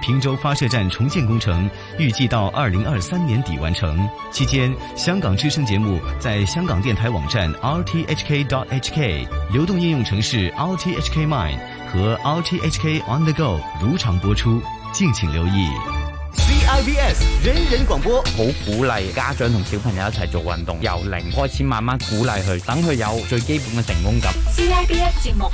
平洲發射站重建工程預計到二零二三年底完成。期間，香港之聲節目在香港電台網站 r t h k dot h k、流動應用程式 r t h k m i n e 和 r t h k on the go 如常播出，敬請留意。C I B S 人人廣播好鼓勵家長同小朋友一齊做運動，由零開始慢慢鼓勵佢，等佢有最基本嘅成功感。C I B S 節目，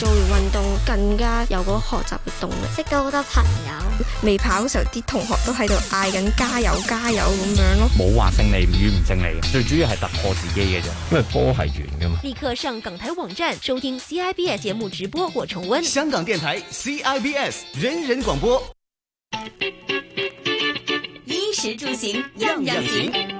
做完運動更加有個學習嘅動力，識到好多朋友。未跑嗰時候，啲同學都喺度嗌緊加油加油咁樣咯。冇話勝利與唔勝利嘅，最主要係突破自己嘅啫。因為波係完噶嘛。立刻上港台網站收聽 CIBS 節目直播或重温。香港電台 CIBS 人人廣播，衣食住行樣樣行。樣樣行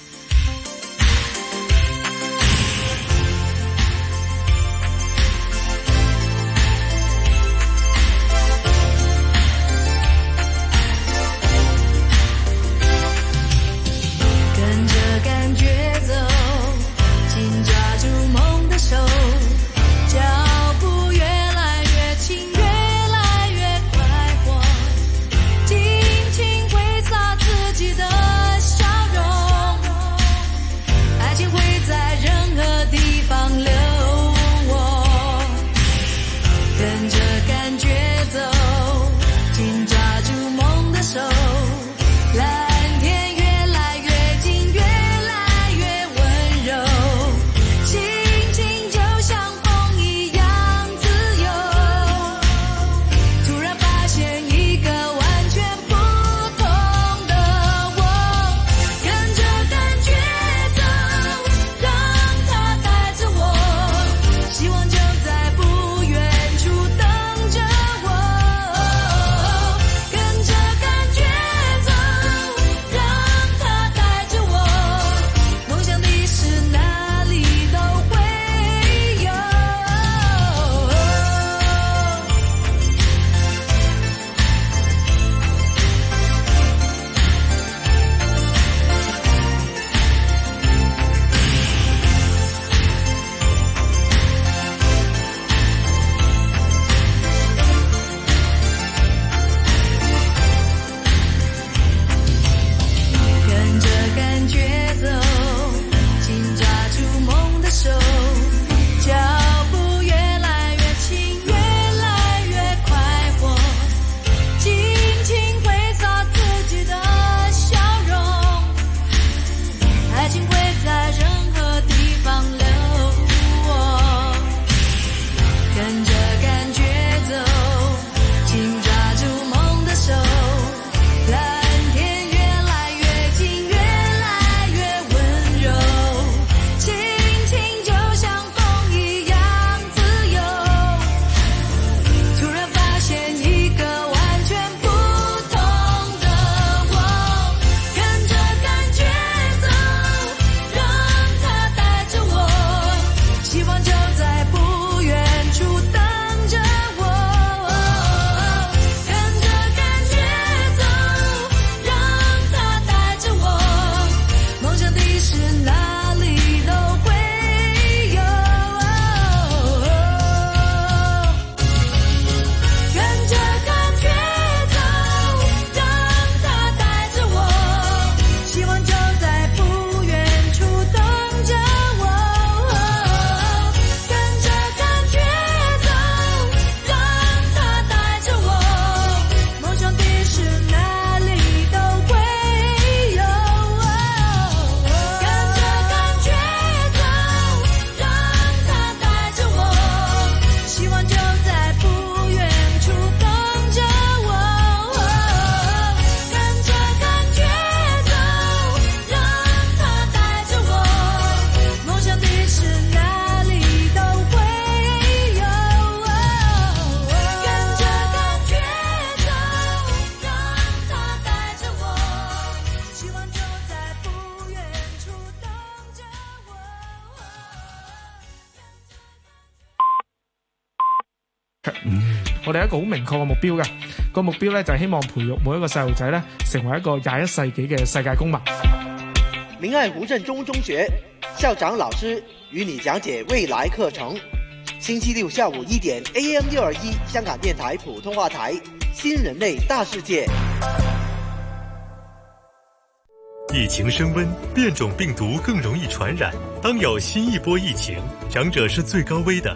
標嘅個目標咧，就係希望培育每一個細路仔咧，成為一個廿一世紀嘅世界公民。明愛胡振中中學校長老師與你講解未來課程。星期六下午一點，AM 六二一，香港電台普通話台，新人類大世界。疫情升温，變種病毒更容易傳染。當有新一波疫情，長者是最高危的。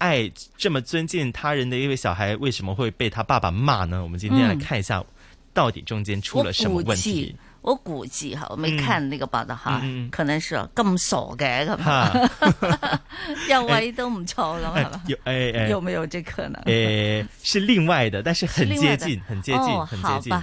愛這麼尊敬他人的一位小孩，為什麼會被他爸爸罵呢？我們今天來看一下，到底中間出了什麼問題？嗯、我估計哈，我沒看那個報道、嗯、哈、嗯，可能是咁傻嘅咁，又位、哎、都唔錯咯，係、哎、嘛？有、哎、誒、哎、有沒有這可能、哎？是另外的，但是很接近，很接近，很接近。哦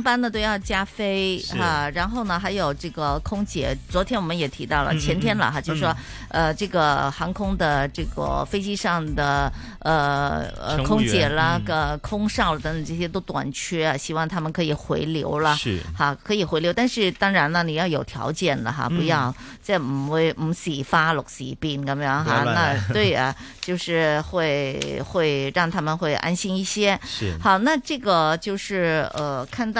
一般的都要加飛哈，然後呢，還有這個空姐，昨天我們也提到了，嗯、前天了哈，嗯、就是說、嗯，呃，這個航空的這個飛機上的呃呃空姐啦、嗯、個空少等等這些都短缺，希望他們可以回流了，是哈，可以回流。但是當然呢，你要有條件的哈、嗯，不要再，五唔會唔發六時病咁樣哈，那對啊， 就是會會讓他們會安心一些。是好，那這個就是呃看到。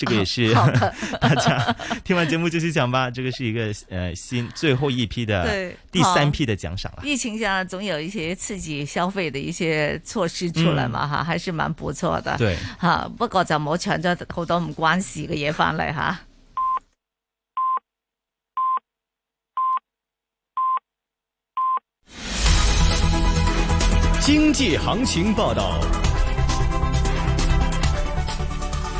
這個也是、啊、 大家聽完節目就去講吧。 這個是一個呃新最後一批的對第三批的獎賞了。疫情下總有一些刺激消費的一些措施出來嘛、嗯、哈，還是蠻不錯的。對哈，不過就冇搶咗好多唔關事嘅嘢返嚟哈。經濟行情報道。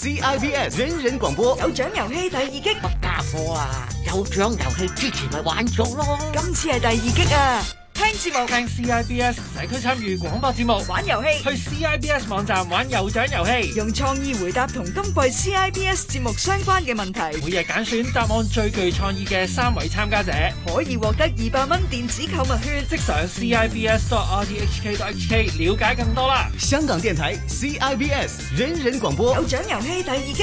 CIBS 人人廣播有獎遊戲第二擊，乜家伙啊？有獎遊戲之前咪玩咗咯，今次係第二擊啊！聽節目聽 CIBS 社區參與廣播節目，玩遊戲，去 CIBS 網站玩有獎遊戲，用創意回答同今季 CIBS 節目相關嘅問題，每日揀選答案最具創意嘅三位參加者，可以獲得二百蚊電子購物券，即上 CIBS.RTHK.HK 了解更多啦！香港電台 CIBS 人人廣播有獎遊戲第二期。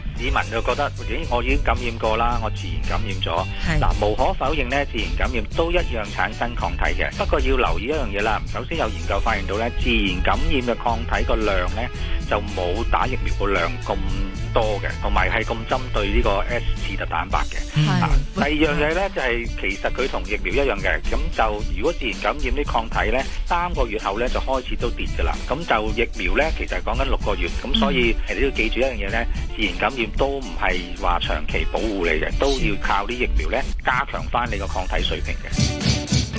市民就覺得咦、哎，我已經感染過啦，我自然感染咗。嗱，無可否認咧，自然感染都一樣產生抗體嘅。不過要留意一樣嘢啦，首先有研究發現到咧，自然感染嘅抗體個量咧就冇打疫苗個量咁多嘅，同埋係咁針對呢個 S 刺突蛋白嘅。係。第二樣嘢咧就係，其實佢同疫苗一樣嘅。咁就如果自然感染啲抗體咧，三個月後咧就開始都跌㗎啦。咁就疫苗咧，其實係講緊六個月。咁所以你都要記住一樣嘢咧，自然感染都唔係話長期保護你嘅，都要靠啲疫苗咧加強翻你個抗體水平嘅。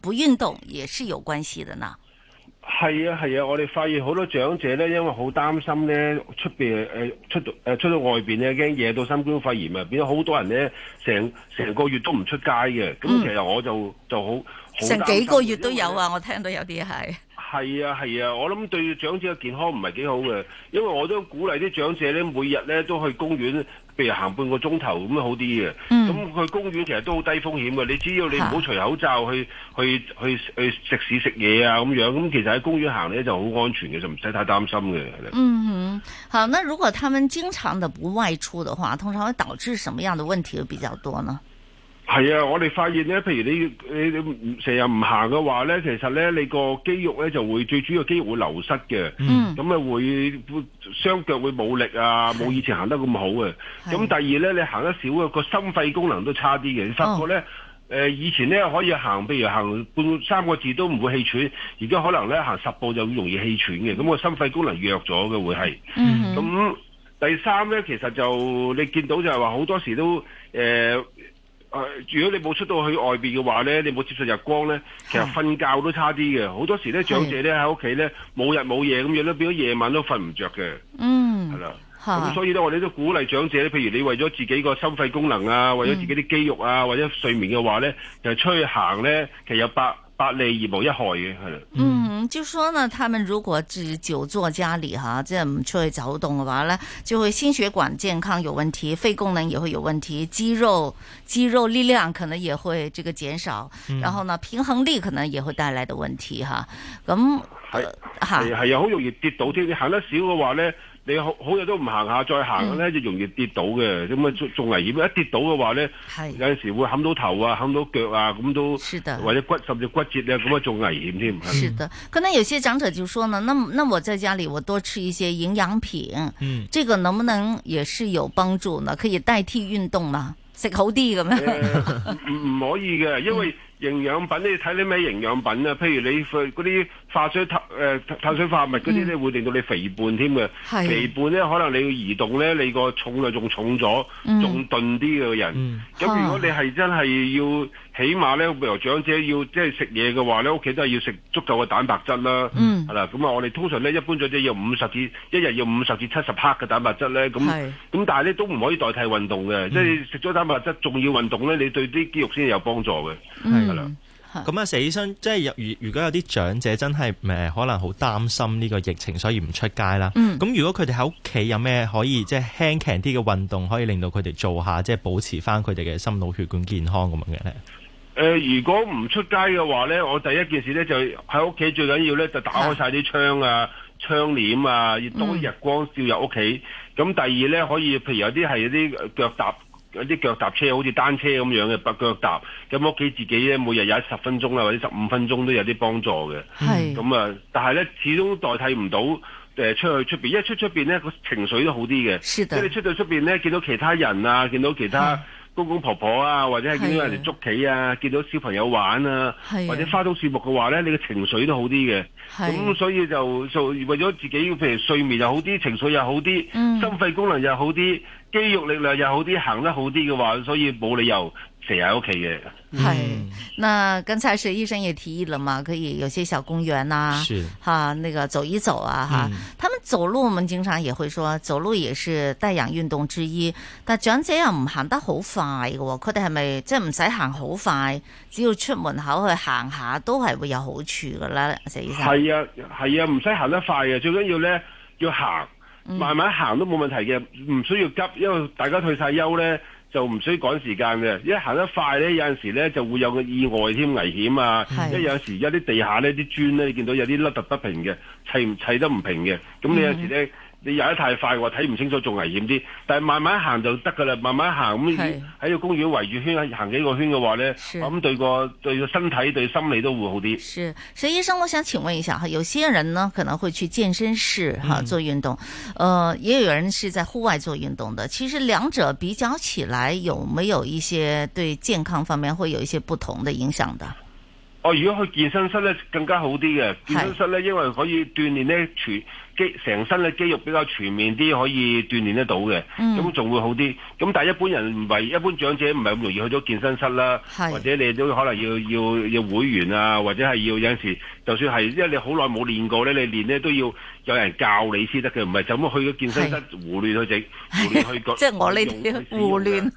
不運動也是有關係的呢。係啊係啊我哋發現好多長者咧，因為好擔心咧、呃，出邊誒出到誒出到外邊咧，驚惹到新冠肺炎啊，變咗好多人咧，成成個月都唔出街嘅。咁其實我就、嗯、就好成幾個月都有啊，我聽到有啲係。係啊係啊，我諗對長者嘅健康唔係幾好嘅，因為我都鼓勵啲長者咧，每日咧都去公園，譬如行半個鐘頭咁樣好啲嘅。咁、嗯、去公園其實都好低風險嘅，你只要你唔好除口罩去、嗯、去去去食屎食嘢啊咁樣，咁其實喺公園行咧就好安全嘅，就唔使太擔心嘅。嗯哼，好，那如果他們經常的不外出的話，通常會導致什麼樣的問題比較多呢？係啊，我哋發現咧，譬如你你你唔成日唔行嘅話咧，其實咧你個肌肉咧就會最主要肌肉會流失嘅。嗯，咁啊會雙腳會冇力啊，冇以前行得咁好啊。咁第二咧，你行得少啊，個心肺功能都差啲嘅。十步咧，誒、哦呃、以前咧可以行，譬如行半三個字都唔會氣喘，而家可能咧行十步就容易氣喘嘅。咁、個心肺功能弱咗嘅會係。咁、嗯、第三咧，其實就你見到就係話好多時都誒。呃如果你冇出到去外邊嘅話呢，你冇接受日光呢，其實瞓覺都差啲嘅。好多時呢，長者呢喺屋企呢，冇日冇夜咁樣咧，變咗夜晚都瞓唔着嘅。嗯，係啦。咁所以呢，我哋都鼓勵長者呢，譬如你為咗自己個心肺功能啊，為咗自己啲肌肉啊，或者睡眠嘅話呢、嗯，就出去行呢，其實有百。百利而無一害嘅係，嗯，就說呢，他們如果只久坐家裏吓，即係唔出去走動嘅話呢，就會心血管健康有問題，肺功能也會有問題，肌肉肌肉力量可能也會這個減少，嗯，然後呢，平衡力可能也會帶來的問題吓，咁係係係好容易跌倒添，你行得少嘅話呢。你好好日都唔行下，再行咧就容易跌倒嘅，咁啊仲仲危險。一跌倒嘅話咧，有陣時會冚到頭啊，冚到腳啊，咁都是的或者骨甚至骨折咧，咁啊仲危險添。是的、嗯，可能有些長者就說呢，那那我在家裏我多吃一些營養品，嗯，這個能不能也是有幫助呢？可以代替運動嗎？食好啲咁樣。唔、呃、唔 可以嘅，因為、嗯。營養品，你睇啲咩營養品啊？譬如你嗰啲化水、呃、碳水化物嗰啲咧，會令到你肥胖添嘅。肥胖咧，可能你要移動咧，你個重量仲重咗，仲、嗯、鈍啲嘅人。咁、嗯、如果你係真係要，起碼咧，譬如長者要即係食嘢嘅話咧，屋企都係要食足夠嘅蛋白質啦。嗯，係啦。咁啊，我哋通常咧，一般長者要五十至一日要五十至七十克嘅蛋白質咧。咁咁，但係咧都唔可以代替運動嘅、嗯，即係食咗蛋白質仲要運動咧，你對啲肌肉先有幫助嘅。係啦。咁啊，佘醫生，即係如如果有啲長者真係誒可能好擔心呢個疫情，所以唔出街啦。咁如果佢哋喺屋企有咩可以即係、就是、輕鬆啲嘅運動，可以令到佢哋做下，即、就、係、是、保持翻佢哋嘅心腦血管健康咁樣嘅咧？誒、呃，如果唔出街嘅話呢，我第一件事呢就喺屋企最緊要呢就打開曬啲窗啊，啊、窗簾啊，要多日光照入屋企。咁、嗯、第二呢，可以，譬如有啲係有啲腳踏有啲腳踏車，好似單車咁樣嘅，腳踏。咁屋企自己呢，每日有一十分鐘啊，或者十五分鐘都有啲幫助嘅。咁啊、嗯，但係呢，始終代替唔到、呃、出去出面。因為出出面呢，個情緒都好啲嘅。即係你出到出面呢，見到其他人啊，見到其他、嗯。公公婆，婆婆啊，或者係見到人哋捉棋啊，見到小朋友玩啊，的或者花草樹木嘅話咧，你嘅情緒都好啲嘅。咁所以就就為咗自己，譬如睡眠又好啲，情緒又好啲，嗯、心肺功能又好啲。肌肉力量又好啲，行得好啲嘅話，所以冇理由成日喺屋企嘅。係、嗯，那剛才佘醫生也提議啦嘛，可以有些小公園啦、啊，哈、啊，那個走一走啊，吓、嗯，他們走路，我們經常也會說，走路也是帶氧運動之一。但長者又唔行得好快嘅，佢哋係咪即係唔使行好快，只要出門口去行下都係會有好處嘅啦，佘醫生。係啊，係啊，唔使行得快嘅，最緊要咧要行。嗯、慢慢行都冇問題嘅，唔需要急，因為大家退晒休咧，就唔需要趕時間嘅。一行得快咧，有陣時咧就會有個意外添危險啊！因為有時有啲地下咧，啲磚咧，你見到有啲凹凸不平嘅，砌唔砌得唔平嘅，咁你有時咧。嗯你踩得太快嘅話，睇唔清楚仲危險啲。但係慢慢行就得噶啦，慢慢行咁喺個公園圍住圈行幾個圈嘅話咧，咁對個對個身體對心理都會好啲。是，佘醫生，我想請問一下哈，有些人呢可能會去健身室哈、啊、做運動、嗯，呃，也有人是在戶外做運動的。其實兩者比較起來，有沒有一些對健康方面會有一些不同的影響的？我、哦、如果去健身室咧，更加好啲嘅。健身室咧，因為可以鍛煉咧全肌成身嘅肌肉比較全面啲，可以鍛煉得到嘅。咁、嗯、仲會好啲。咁但係一般人唔係一般長者唔係咁容易去咗健身室啦，或者你都可能要要要會員啊，或者係要有陣時，就算係因為你好耐冇練過咧，你練咧都要有人教你先得嘅，唔係就咁去咗健身室胡亂去整，胡亂去個， 去 即係我呢條胡亂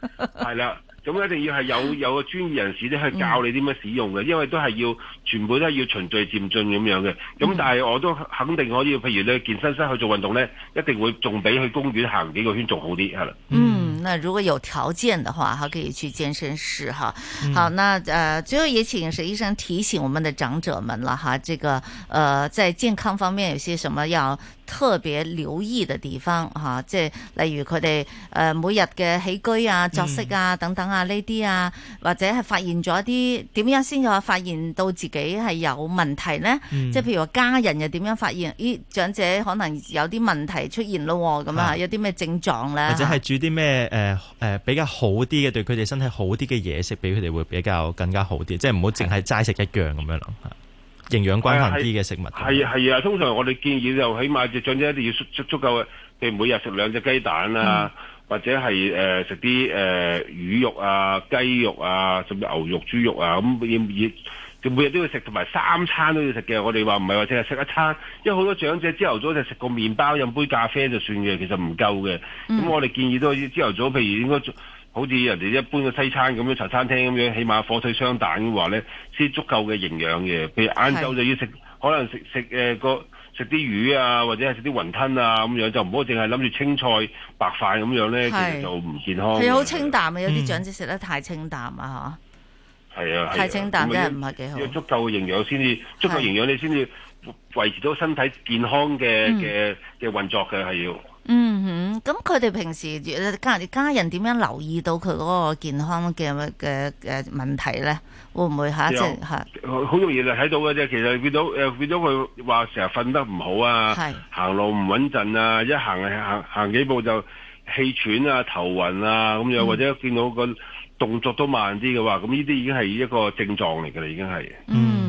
係啦。 咁一定要係有有個專業人士咧去教你點樣使用嘅。嗯，因為都係要全部都係要循序漸進咁樣嘅。咁但係我都肯定可以，譬如你去健身室去做運動咧，一定會仲比去公園行幾個圈仲好啲係啦。嗯，那如果有條件嘅話，可以去健身室哈。好，那誒、呃、最後也請佘醫生提醒我們的長者們啦，哈，這個誒、呃、在健康方面有些什麼要？特別留意嘅地方嚇、啊，即係例如佢哋誒每日嘅起居啊、作息啊等等啊呢啲、嗯、啊，或者係發現咗一啲點樣先至發現到自己係有問題呢？嗯、即係譬如話家人又點樣發現？咦，長者可能有啲問題出現咯，咁啊，樣有啲咩症狀咧？或者係煮啲咩誒誒比較好啲嘅，對佢哋身體好啲嘅嘢食，俾佢哋會比較更加好啲，即係唔好淨係齋食一樣咁樣咯營養均衡啲嘅食物係係啊，通常我哋建議就起碼隻長者一定要足足夠嘅，譬如每日食兩隻雞蛋啊，嗯、或者係誒食啲誒魚肉啊、雞肉啊，甚至牛肉、豬肉啊，咁要要，每日都要食，同埋三餐都要食嘅。我哋話唔係話淨係食一餐，因為好多長者朝頭早就食個麵包、飲杯咖啡就算嘅，其實唔夠嘅。咁、嗯、我哋建議都朝頭早，譬如應該。好似人哋一般嘅西餐咁樣，茶餐廳咁樣，起碼火腿雙蛋嘅話咧，先足夠嘅營養嘅。譬如晏晝就要食，可能食食誒個食啲魚啊，或者係食啲雲吞啊咁樣，就唔好淨係諗住青菜白飯咁樣咧，其實就唔健康。係好清淡啊、嗯，有啲長者食得太清淡啊係啊，啊，太清淡咧唔係幾好。要足夠嘅營養先至，足夠營養你先至維持到身體健康嘅嘅嘅運作嘅係要。嗯哼，咁佢哋平時家家人點樣留意到佢嗰個健康嘅嘅嘅問題咧？會唔會吓即係吓？好容易就睇到嘅啫。其實見到誒，見到佢話成日瞓得唔好啊，行路唔穩陣啊，一行行行幾步就氣喘啊、頭暈啊咁又、嗯、或者見到個動作都慢啲嘅話，咁呢啲已經係一個症狀嚟嘅啦，已經係。嗯。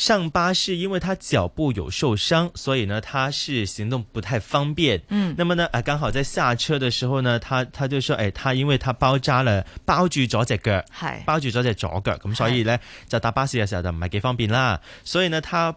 上巴士因為他腳部有受傷，所以呢，他是行動不太方便。嗯，那麼呢，誒，剛好在下車的時候呢，他他就說，哎，他因為他包紮了，包住左隻腳，係、嗯、包住左隻左腳，咁所以呢，嗯、就搭巴士嘅時候就唔係幾方便啦。所以呢，他。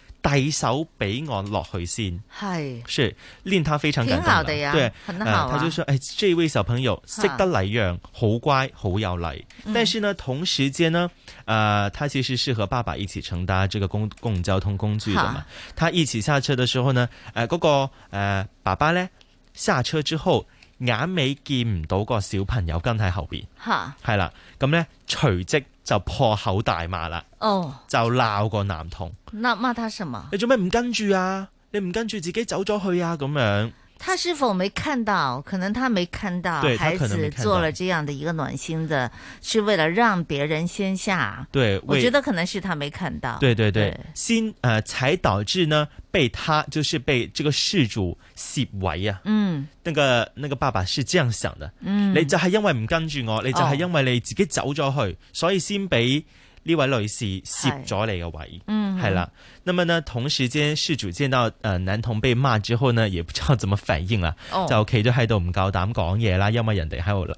遞手俾我落去先，係，所以令他非常感動。天豪地啊，對，佢、啊呃、就說：，誒、哎，這位小朋友識、啊、得禮讓，好乖，好有禮、啊。但是呢，同時間呢，誒、呃，他其實是和爸爸一起乘搭這個公共交通工具的嘛、啊。他一起下車的時候呢，誒、呃，那個誒、呃、爸爸咧下車之後，眼尾見唔到個小朋友跟喺後邊，吓、啊，係、嗯、啦，咁咧，隨即就破口大罵啦。哦、oh，就鬧個男童，那罵他什麼？你做咩唔跟住啊？你唔跟住自己走咗去啊？咁樣，他是否沒看到？可能他沒看到孩子到做了這樣的一個暖心的，是為了讓別人先下。對，我覺得可能是他沒看到。對對對，先誒、呃，才導致呢，被他就是被這個事主戲圍啊。嗯，那個那個爸爸是這樣想的。嗯，你就係因為唔跟住我，你就係因為你自己走咗去、哦，所以先俾。呢位女士攝咗你嘅位，係啦。咁、嗯、麼呢，同時間事主見到誒、呃、男童被罵之後呢，也不知道怎麼反應啦、哦，就企咗喺度唔夠膽講嘢啦，因為人哋喺度。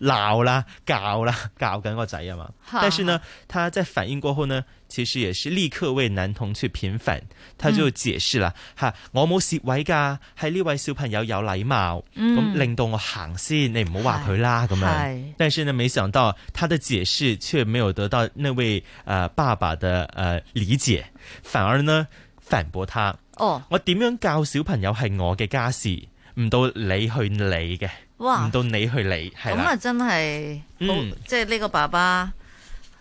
鬧啦，教啦，教緊個仔啊嘛。但是呢，他在反應過後呢，其實也是立刻為男童去平反，他喺度解釋啦，吓、嗯啊，我冇攝位噶，係呢位小朋友有禮貌，咁令到我先行先，你唔好話佢啦咁樣。但是呢，沒想到他的解釋卻沒有得到那位誒、呃、爸爸的誒、呃、理解，反而呢反駁他。哦，我點樣教小朋友係我嘅家事，唔到你去理嘅。唔到你去理，咁啊真係、嗯，即係呢個爸爸，呢、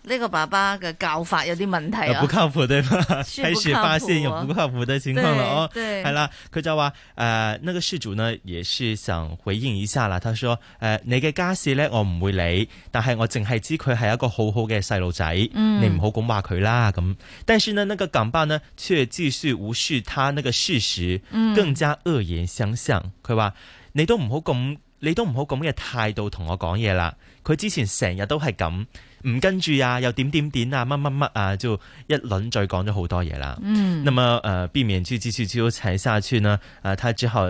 這個爸爸嘅教法有啲問題啊，不靠譜對嗎？開始發現有不靠譜的情況了哦。好啦，佢就話，誒、呃，呢、那個事主呢，也是想回應一下啦。他說，誒、呃，你嘅家事咧，我唔會理，但係我淨係知佢係一個好好嘅細路仔。你唔好咁話佢啦，咁。但是呢，那個港爸呢，卻繼續無視他呢個事實，更加惡言相向。佢、嗯、話，你都唔好咁。你都唔好咁嘅態度同我講嘢啦！佢之前成日都係咁，唔跟住啊，又點點點啊，乜乜乜啊，就一輪再講咗好多嘢啦。嗯，咁誒，避、呃、免去繼續糾沙下啦，呢？啊，他之後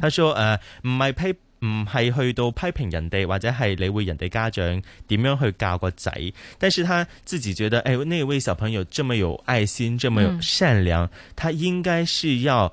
他說：誒、呃，唔係批，唔係去到批評人哋，或者係理會人哋家長點樣去教個仔，但是他自己覺得，誒、欸，那位小朋友這麼有愛心，這麼有善良，他應該是要。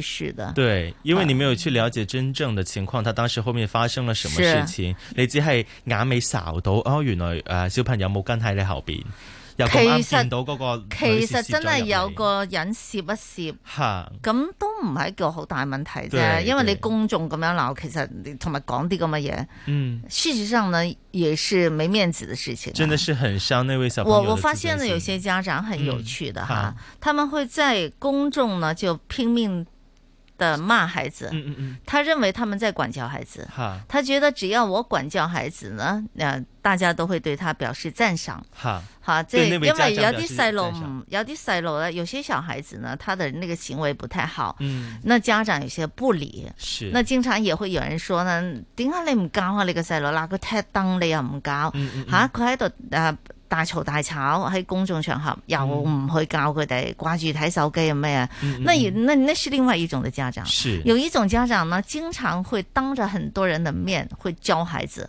是的，對，因為你沒有去了解真正的情況，他、啊、當時後面發生了什麼事情，你只係眼尾掃到哦，原來誒、啊，小朋友冇跟喺你後邊、啊？其實到個，其實真係有個人涉涉吓，咁都唔係一個好大問題啫、啊。因為你公眾咁樣鬧，其實你同埋講啲咁嘅嘢，嗯，事實上呢，也是沒面子的事情、啊。真的是很傷那位小朋友。我我發現呢，有些家長很有趣的哈，嗯、哈他們會在公眾呢就拼命。的罵孩子，嗯嗯，他認為他們在管教孩子，哈、嗯嗯，他覺得只要我管教孩子呢，那、呃、大家都會對他表示讚賞，哈，這因為有啲細路有啲細路呢，有些小孩子呢，他的那個行為不太好，嗯，那家長有些不理，是，那經常也會有人說呢，點解你唔教下你個細路，那個太當你又唔教，嗯吓，佢喺度啊。大嘈大吵，喺公眾場合又唔去教佢哋，掛住睇手機啊咩啊，那也那那是另外一種嘅家長是，有一種家長呢，經常會當着很多人的面會教孩子。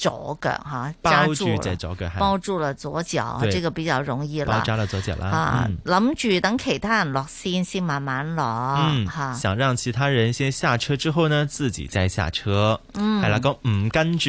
左腳哈，抓、啊、住、啊，包住了左腳，係，對，這個比較容易啦，包紮咗左腳啦，啊，諗住等其他人落先，先慢慢落，嗯，想讓其他人先下車之後呢，自己再下車，嗯，係啦咁唔跟住。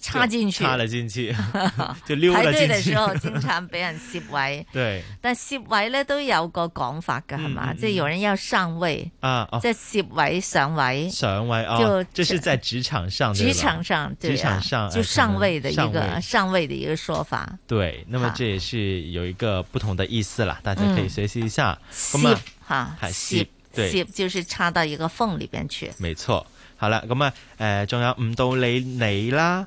插進去，插了進去，就溜了進去。 排隊的時候，經常俾人攝位。 對，但係攝位咧都有個講法噶，係、嗯、嘛？即係有人要上位啊，即係攝位上位，上位啊。就、哦、這是在職場上，職場上，職場上、啊、職場上就上位的一個上位，上位的一個說法。對，那麼這也是有一個不同的意思啦，大家可以學習一下。插、嗯，哈，插、啊啊，對，插就是插到一個縫裏邊去。沒錯，好啦，咁啊，誒、呃，仲有唔到你你啦。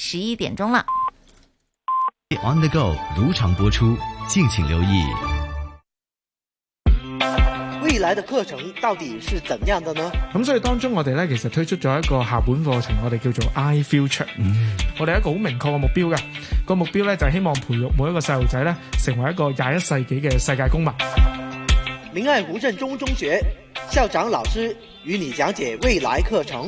十一點鐘了。On the go，如常播出，敬請留意。未來的課程到底是怎樣的呢？咁所以當中我們呢，我哋咧其實推出咗一個校本課程，我哋叫做 I Future。Mm. 我哋一個好明確嘅目標嘅，個目標咧就係希望培育每一個細路仔咧成為一個廿一世紀嘅世界公民。明愛胡振中中學校長老師與你講解未來課程。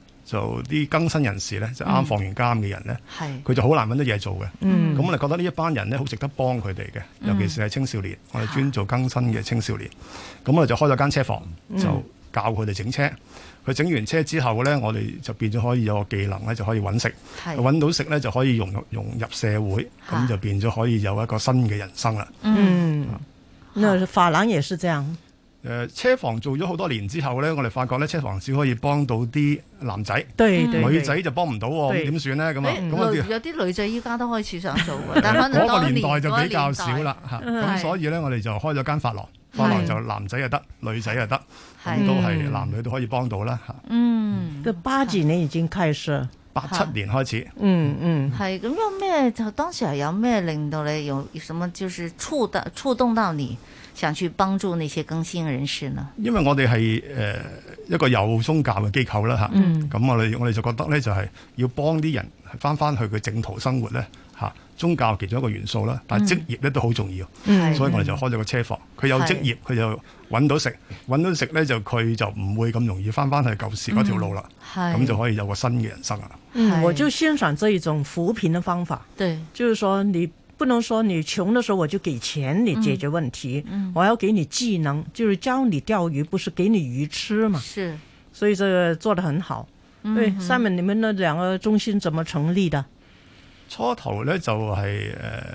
就啲更新人士咧，就啱放完監嘅人咧，佢、嗯、就好難揾到嘢做嘅。咁、嗯、我哋覺得呢一班人咧，好值得幫佢哋嘅，尤其是係青少年。嗯、我哋專做更新嘅青少年。咁、嗯、我哋就開咗間車房，就教佢哋整車。佢、嗯、整完車之後咧，我哋就變咗可以有個技能咧，就可以揾食。揾、嗯、到食咧，就可以融入融入社會，咁就變咗可以有一個新嘅人生啦。嗯，啊、那法蘭也是這樣。誒、呃、車房做咗好多年之後咧，我哋發覺咧，車房只可以幫到啲男仔，女仔就幫唔到喎，點算咧咁啊？咁有啲女仔依家都開始想做嘅， 但可能、那個年代就比較少啦嚇。咁、啊、所以咧，我哋就開咗間髮廊，髮廊就男仔又得，女仔又得，咁、嗯、都係男女都可以幫到啦嚇。嗯，就八幾年已經開始、啊、八七年開始，嗯、啊、嗯，係咁有咩就當時候有咩令到你？用，什麼就是觸到觸動到你？想去幫助那些更新人士呢？因為我哋係誒一個有宗教嘅機構啦吓，咁、嗯啊、我哋我哋就覺得咧就係要幫啲人翻翻去佢正途生活咧吓，啊，宗教其中一個元素啦，但係職業咧都好重要，嗯，所以我哋就開咗個車房，佢有職業佢就搵到食，搵到食咧就佢就唔會咁容易翻翻去舊時嗰條路啦，咁、嗯、就可以有個新嘅人生啊，嗯。我就欣賞這一種扶貧嘅方法，對，就是說你。不能說你窮的時候我就給錢你解決問題，嗯嗯，我要給你技能，就是教你釣魚，不是給你魚吃嘛。是，所以這個做得很好。對，三門你們那兩個中心怎麼成立的？初頭咧就係、是、誒、呃，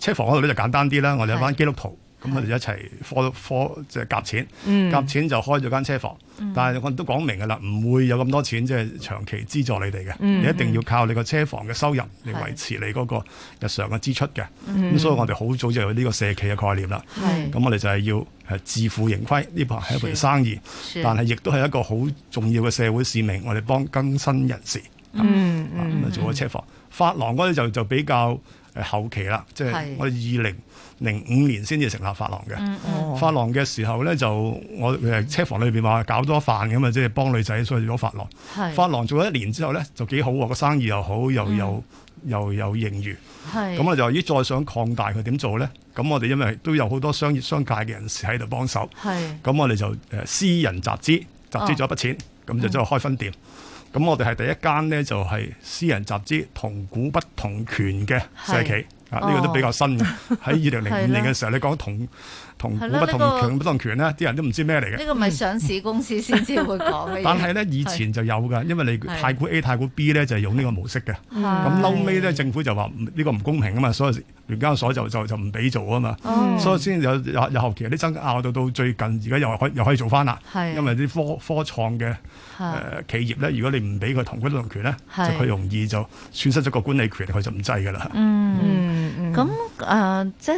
車房嗰度咧就簡單啲啦，我哋有班基督徒。咁我哋一齊貨貨即係夾錢，夾、嗯、錢就開咗間車房。嗯、但係我哋都講明噶啦，唔會有咁多錢即係、就是、長期資助你哋嘅、嗯嗯。你一定要靠你個車房嘅收入嚟維持你嗰個日常嘅支出嘅。咁、嗯嗯、所以我哋好早就有呢個社企嘅概念啦。咁、嗯、我哋就係要係自負盈虧，呢盤係一盤生意，是但係亦都係一個好重要嘅社會使命。我哋幫更新人士、嗯嗯啊、做咗車房。髮廊嗰啲就就比較後期啦，即、就、係、是、我哋二零。零五年先至成立發廊嘅，發廊嘅時候呢，就我誒車房裏面話搞多飯咁啊，即係幫女仔做咗發廊。發廊做咗一年之後呢，就幾好喎，個生意又好，又有、嗯、又有盈餘。咁我就依再想擴大佢點做呢？咁我哋因為都有好多商業商界嘅人士喺度幫手。咁我哋就私人集資，集資咗一筆錢，咁、哦、就即係開分店。咁、嗯、我哋係第一間呢，就係私人集資同股不同權嘅社企。啊！呢個都比較新嘅，喺二零零五年嘅時候，你講同同股不同權、不同權咧，啲人都唔知咩嚟嘅。呢、呢個咪、呢個、上市公司先至會講嘅。 但係咧，以前就有㗎，因為你太古 A、太古 B 咧就係、是、用呢個模式嘅。咁嬲尾咧，政府就話呢個唔公平啊嘛，所以聯交所就就就唔俾做啊嘛、哦。所以先有有有後期啲爭拗到到最近，而家又可又可以做翻啦。因為啲科科創嘅、呃、企業咧，如果你唔俾佢同股不同權咧，就佢容易就損失咗個管理權，佢就唔制㗎啦。咁、嗯、誒、嗯呃、即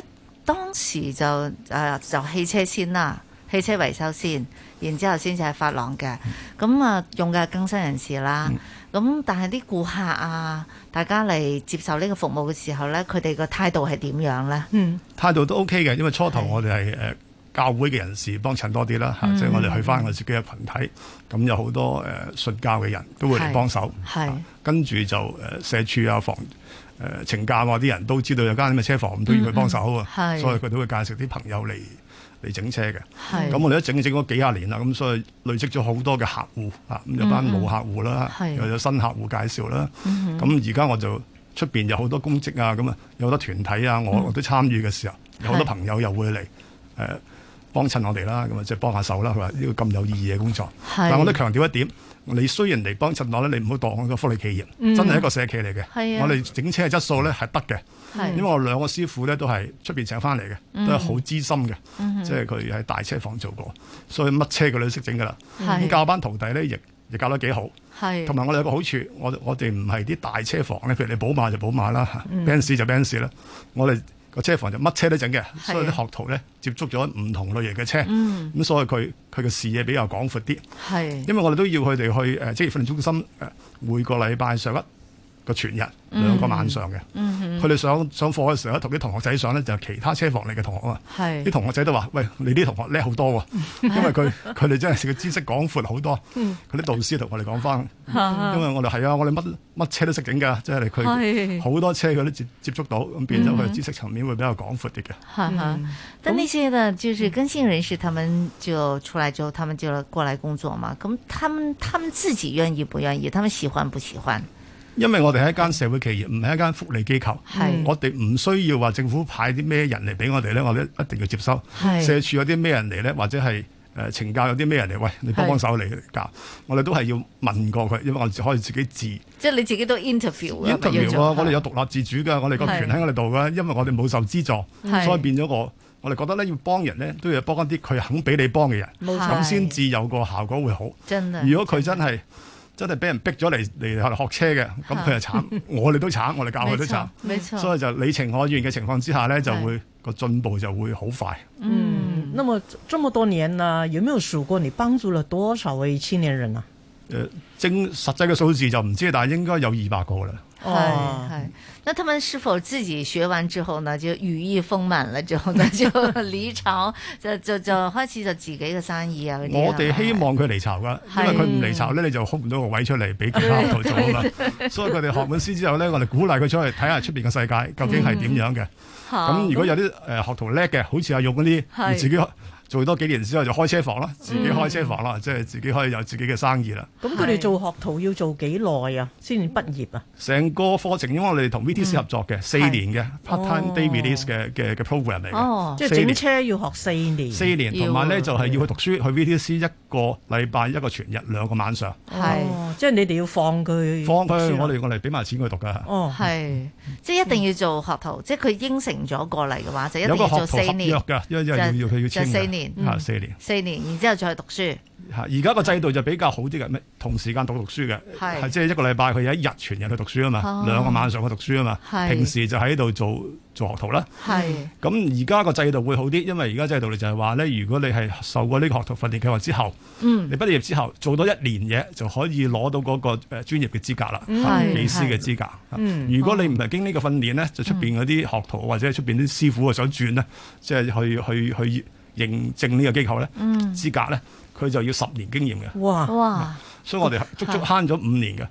當時就誒、呃、就汽車先啦，汽車維修先，然之後先至係髮廊嘅。咁、嗯、啊用嘅更新人士啦。咁、嗯、但係啲顧客啊，大家嚟接受呢個服務嘅時候咧，佢哋個態度係點樣咧？嗯，態度都 OK 嘅，因為初頭我哋係誒教會嘅人士幫襯多啲啦，嚇、嗯，即係我哋去返我自己嘅群體，咁有好多誒信教嘅人都會嚟幫手，係、啊、跟住就誒社署啊房。誒、呃，情鑑啊！啲人都知道有間咁嘅車房，咁都要佢幫手啊、嗯，所以佢都會介紹啲朋友嚟嚟整車嘅。咁我哋都整整咗幾廿年啦，咁所以累積咗好多嘅客戶啊，咁有一班老客戶啦、嗯，又有新客戶介紹啦。咁而家我就出邊有好多公職啊，咁啊有好多團體啊，我、嗯、我都參與嘅時候，有好多朋友又會嚟誒幫襯我哋啦，咁啊即係幫下手啦。佢話呢個咁有意義嘅工作，但係我都強調一點。你雖然嚟幫襯我咧，你唔好當我一個福利企業、嗯，真係一個社企嚟嘅、啊。我哋整車嘅質素咧係得嘅，因為我兩個師傅咧都係出邊請翻嚟嘅，都係好資深嘅、嗯，即係佢喺大車房做過，所以乜車佢都識整噶啦。咁教班徒弟咧，亦亦教得幾好。係，同埋我哋有個好處，我我哋唔係啲大車房咧，譬如你寶馬就寶馬啦，Benz、嗯、就 Benz 啦，我哋。車房就乜車都整嘅，所以啲學徒咧接觸咗唔同類型嘅車，咁、啊嗯、所以佢佢嘅視野比較廣闊啲。係，因為我哋都要佢哋去誒職業訓練中心誒每個禮拜上一個全日兩個晚上嘅。佢哋上上課嘅時候同啲同學仔上呢，就係，其他車房嚟嘅同學啊，啲同學仔都話，喂，你啲同學叻好多，啊、 多，因為佢佢哋真係識嘅知識廣闊好多，佢啲導師同我哋講翻，因為我哋係啊，我哋乜乜車都識整噶，即係佢好多車佢都接接觸到，咁變咗佢知識層面會比較廣闊啲嘅。但呢些呢，就係更生人士，他們就出來之後，嗯，他們就過嚟工作嘛？咁他們他們自己願意不願意？他們喜歡不喜歡？因為我哋係一間社會企業，唔係一間福利機構。我哋唔需要話政府派啲咩人嚟俾我哋咧，我哋一定要接收。社署有啲咩人嚟咧，或者係誒懲教有啲咩人嚟？喂，你幫幫手嚟教。是我哋都係要問過佢，因為我哋可以自己治。即係你自己都 interview 咗。我哋有獨立自主㗎，我哋個權喺我哋度㗎。因為我哋冇受資助，所以變咗我，我哋覺得咧要幫人咧，都要幫一啲佢肯俾你幫嘅人，咁先至有個效果會好。真係，如果佢真係。真的真係俾人逼咗嚟嚟學嚟學車嘅，咁佢就慘。 我哋都慘，我哋教佢都慘。 冇錯，所以就你情我願嘅情況之下咧，就會個進步就會好快。嗯，那麼這麼多年啦，有冇有數過你幫助了多少位青年人啊？誒，正實際嘅數字就唔知，但係應該有二百個啦。係係。那他們是否自己學完之後呢？就羽翼豐滿了之後，那就離巢，就就就開始就，就，就自己嘅生意啊！我哋希望佢離巢噶，是因為佢唔離巢咧，你就空唔到個位出嚟俾其他學徒做啦對。所以佢哋學滿師之後咧，我哋鼓勵佢出去睇下出邊嘅世界究竟係點樣嘅。咁、嗯嗯、如果有啲誒學徒叻嘅，好似阿玉嗰啲，自己。做多幾年之後就開車房啦，自己開車房啦、嗯，即係自己可以有自己嘅生意啦。咁佢哋做學徒要做幾耐啊？先至畢業啊？成個課程因為我哋同 VTC 合作嘅，四、嗯、年嘅、嗯哦、part-time day release 嘅嘅嘅 program 嚟嘅，即、哦、係整車要學四年，四年同埋咧就係、是、要去讀書，去 VTC 一個禮拜一個全日兩個晚上。哦，即係你哋要放佢，放佢我哋我哋俾埋錢佢讀噶。哦，係、哦，即係一定要做學徒，嗯、即係佢應承咗過嚟嘅話就一定要做四年學學。因為要佢要簽。四年、嗯、四年，然之後再去讀書。而家個制度就比較好啲嘅咩？同時間讀讀書嘅係，即係、就是、一個禮拜佢有一日全日去讀書啊嘛、哦，兩個晚上去讀書啊嘛。平時就喺度做做學徒啦。係咁，而家個制度會好啲，因為而家制度就係話如果你係受過呢個學徒訓練計劃之後，嗯、你畢業之後做多一年嘢，就可以攞到嗰個誒專業嘅資格啦，技師嘅資格、嗯。如果你唔係經呢個訓練呢、嗯，就出邊嗰啲學徒、嗯、或者出邊啲師傅想轉呢，即係去去去。去去去認證呢個機構咧，資格咧，佢就要十年經驗嘅。哇、嗯！所以我哋足足慳咗五年嘅。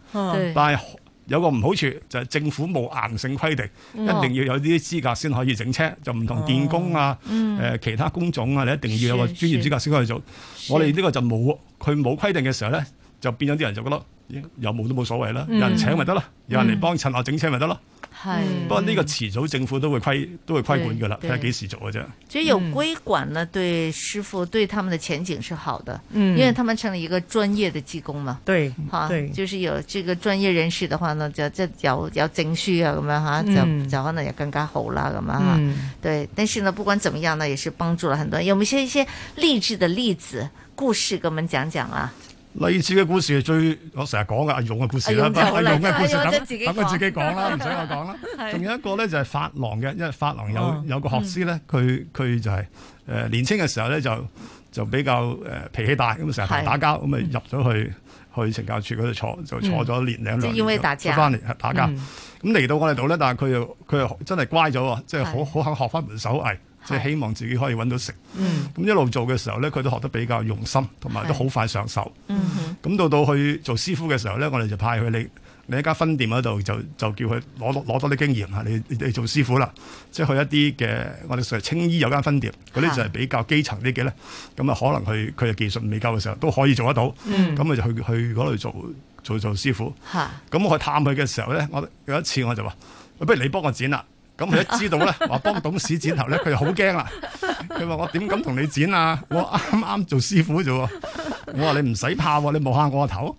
但係有個唔好處就係政府冇硬性規定，一定要有呢啲資格先可以整車，就唔同電工啊，誒、哦嗯、其他工種啊，你一定要有個專業資格先可以做。我哋呢個就冇，佢冇規定嘅時候咧，就變咗啲人就覺得有冇都冇所謂啦、嗯，有人請咪得啦，有人嚟幫襯下整車咪得啦。係、嗯，不過呢個遲早政府都會規都會規管噶啦，睇下幾時做噶啫。其實有規管呢，嗯、對師傅對他們的前景是好的，嗯，因為他們成為一個專業的技工嘛，對，哈，對，就是有這個專業人士的話呢，就就要要證書啊咁樣哈，就就可能也更加好啦咁樣哈，對。但是呢，不管怎麼樣呢，也是幫助了很多。有冇一些一些勵志的例子故事，跟我們講講啊？類似嘅故事係最我成日講嘅阿勇嘅故事啦，阿勇嘅故事，等佢自己講啦，唔使 我講啦。仲有一個咧就係髮廊嘅，因為髮廊有、嗯、有個學師咧，佢佢就係、是、誒、呃、年青嘅時候咧就就比較誒脾氣大，咁啊成日打交，咁啊入咗去、嗯、去懲教署嗰度坐就坐咗年零、嗯、兩年，佢翻嚟打交。咁嚟、嗯、到我哋度咧，但係佢又佢又真係乖咗喎，即係好好肯學翻門手藝。即係希望自己可以揾到食，咁、嗯、一路做嘅時候咧，佢都學得比較用心，同埋都好快上手。咁、嗯、到到去做師傅嘅時候咧，我哋就派佢嚟，你一間分店嗰度就就叫佢攞攞多啲經驗吓，你你做師傅啦。即係去一啲嘅，我哋成日青衣有間分店，嗰啲就係比較基層啲嘅咧。咁啊可能佢佢嘅技術未夠嘅時候，都可以做得到。咁、嗯、佢就去去嗰度做做做師傅。咁我探佢嘅時候咧，我有一次我就話，不如你幫我剪啦。咁 佢一知道咧，話幫董事剪頭咧，佢就好驚啦。佢話：我點敢同你剪啊？我啱啱做師傅啫喎。我話你唔使怕喎，你望下我個頭，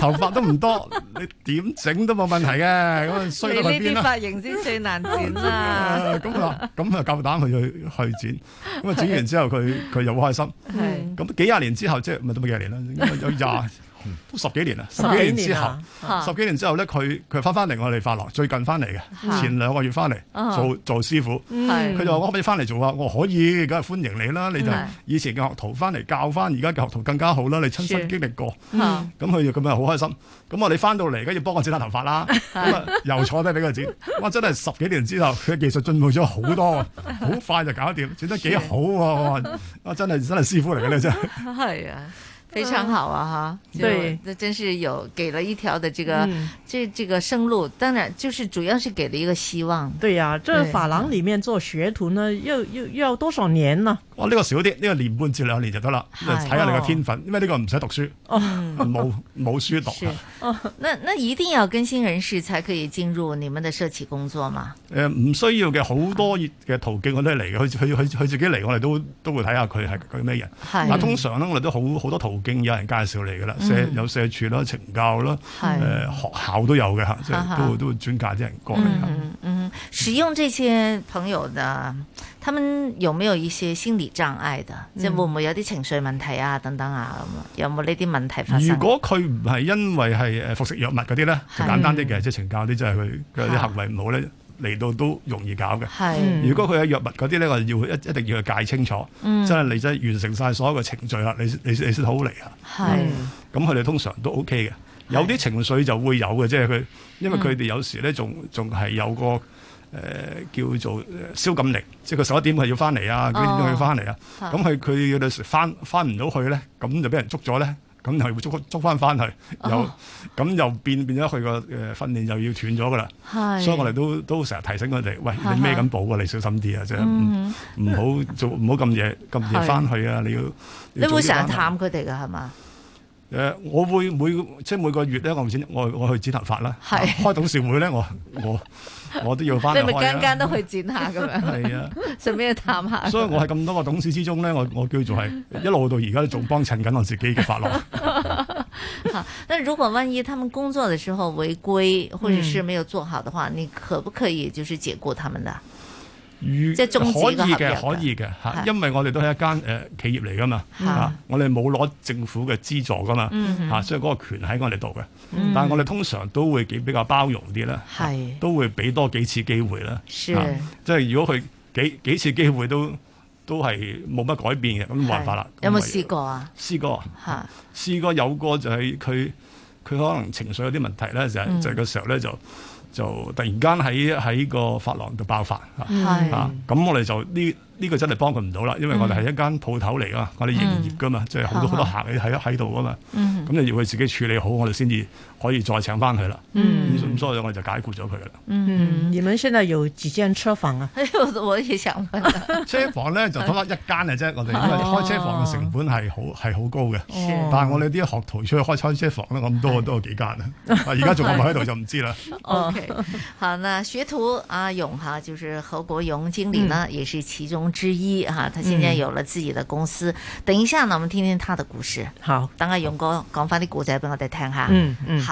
頭髮都唔多，你點整都冇問題嘅。咁 啊，衰喺邊啦？你呢啲髮型先算難剪啦。咁 啊 咁啊夠膽去去去剪。咁啊剪完之後，佢佢又好開心。咁幾廿年之後，即係咪都冇幾廿年啦？有廿。 都十幾年啦，十幾年之後，十幾年、啊、十幾年之後咧，佢佢翻翻嚟我哋髮廊，最近翻嚟嘅，前兩個月翻嚟做、啊、做、做師傅，佢、嗯、就話可唔可以翻嚟做啊？我可以，梗係歡迎你啦！你就以前嘅學徒翻嚟教翻，而家嘅學徒更加好啦，你親身經歷過，咁佢咁啊好、嗯、開心。咁我你翻到嚟，梗要幫我剪下頭髮啦。咁啊又坐低俾佢剪，我真係十幾年之後，佢技術進步咗好多，好快就搞得掂，剪得幾好喎、啊！我真係真係師傅嚟嘅咧，真係。係啊。 非常好啊，哈、嗯！對，那真是有給了一條的這個，嗯、這這個生路。當然，就是主要是給了一個希望。對呀、啊，這琺瑯裏面做學徒呢，要要要多少年呢、啊？我、哦、呢、這個少啲，呢、這個年半至兩年就得啦。睇、哎、下、哦、你嘅天分，因為呢個唔使讀書，冇、哦、冇、嗯、書讀。哦、 那那一定要更生人士才可以進入你們的社企工作嗎？誒、呃，唔需要嘅，好多嘅途徑我都係嚟嘅。佢佢佢自己嚟，我哋都都會睇下佢係佢咩人。嗱、哎，通常呢，我哋都好好多途。已經有人介紹嚟噶啦，社、嗯、有社署啦，懲教啦，誒、嗯呃、學校都有嘅吓，即係都都專家啲人過嚟、嗯嗯。嗯，使用這些朋友的，他們有沒有一些心理障礙的？嗯、即係會唔會有啲情緒問題啊？等等啊，有冇呢啲問題發生？如果佢唔係因為係誒服食藥物嗰啲咧，就簡單啲嘅，即係懲教啲，即係佢啲行為唔好咧。嚟到都容易搞嘅，是如果佢有藥物嗰啲咧，我要一一定要佢戒清楚，即係、嗯、你真係完成晒所有嘅程序啦，你你你先好嚟啊，咁佢哋通常都 OK 嘅，有啲情緒就會有嘅、呃，即係佢因為佢哋有時咧仲仲係有個誒叫做宵禁令，即係佢十一點係要翻嚟啊，幾點要翻嚟啊，咁佢佢有陣時翻翻唔到去咧，咁就俾人捉咗咧。咁係會捉捉翻翻去，又咁、oh. 又變變咗佢個誒訓練又要斷咗噶啦，是所以我哋都都成日提醒佢哋：喂，你咩咁補啊？你小心啲啊，嗯、即係唔好做，唔好咁夜咁夜翻去啊！你要，是你會成日探佢哋噶係嘛？誒、呃，我會每即係每個月咧，我唔剪我我去剪頭髮啦、啊，開董事會咧，我我我都要返。 你咪間間都去剪下咁樣。係 是啊， 順便探下。所以我喺咁多個董事之中咧，我我叫做係一路到而家都仲幫襯緊我自己嘅法律。但 如果萬一他們工作嘅時候違規，或者是沒有做好的話，嗯、你可不可以就是解雇他們的？即係可以嘅，可以嘅嚇，因為我哋都係一間誒企業嚟噶嘛嚇、啊，我哋冇攞政府嘅資助噶嘛嚇、嗯啊，所以嗰個權喺我哋度嘅。但係我哋通常都會幾比較包容啲啦，係、啊、都會俾多幾次機會啦、啊。即係如果佢幾幾次機會都都係冇乜改變嘅，咁冇辦法啦。有冇試過啊？試過嚇，試過有個就係佢佢可能情緒有啲問題咧、就係嗯，就就係、個時候咧就。就突然間喺喺個發廊度爆發嚇嚇，咁係、啊、我哋就呢呢、個真係幫佢唔到啦，因為我哋係一間鋪頭嚟啊嘛，我哋營業噶嘛，即係好多好多客喺喺度啊嘛，咁就要佢自己處理好，我哋先至。可以再請翻佢啦，嗯，咁所以我就解僱咗佢啦。嗯，你們現在有幾間車房啊？ 我？我也想問了。車房咧就得一間嘅啫。我哋 因為開車房嘅成本係好係好高嘅，哦，但係我哋啲學徒出去開餐車房咧咁多都有幾間啊。而家仲有冇喺度就唔知啦。 OK，好，那學徒阿勇哈，就是何國勇經理呢，也是其中之一哈，嗯啊。他現在有了自己的公司，等一下呢我們聽聽他的故事。好，等阿勇哥講翻啲故仔俾我哋聽下。嗯嗯。好。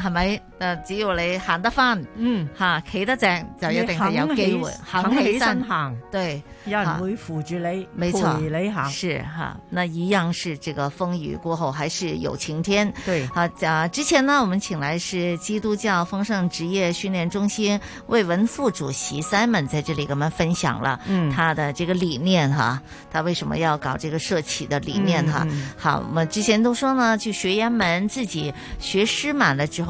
係咪？呃，只要你行得翻，嗯，哈，企得正就一定係有機會。行起身行，行，行，對，有人會扶住你，扶你行。是哈，那一樣是這個風雨過後還是有晴天。對，好，啊，之前呢，我們請來是基督教豐盛職業訓練中心魏文副主席 Simon 在這裏跟我們分享了，嗯，他的這個理念哈、嗯，他為什麼要搞這個社企的理念哈？嗯、哈好，我們之前都說呢，去學員們自己學師滿了之後。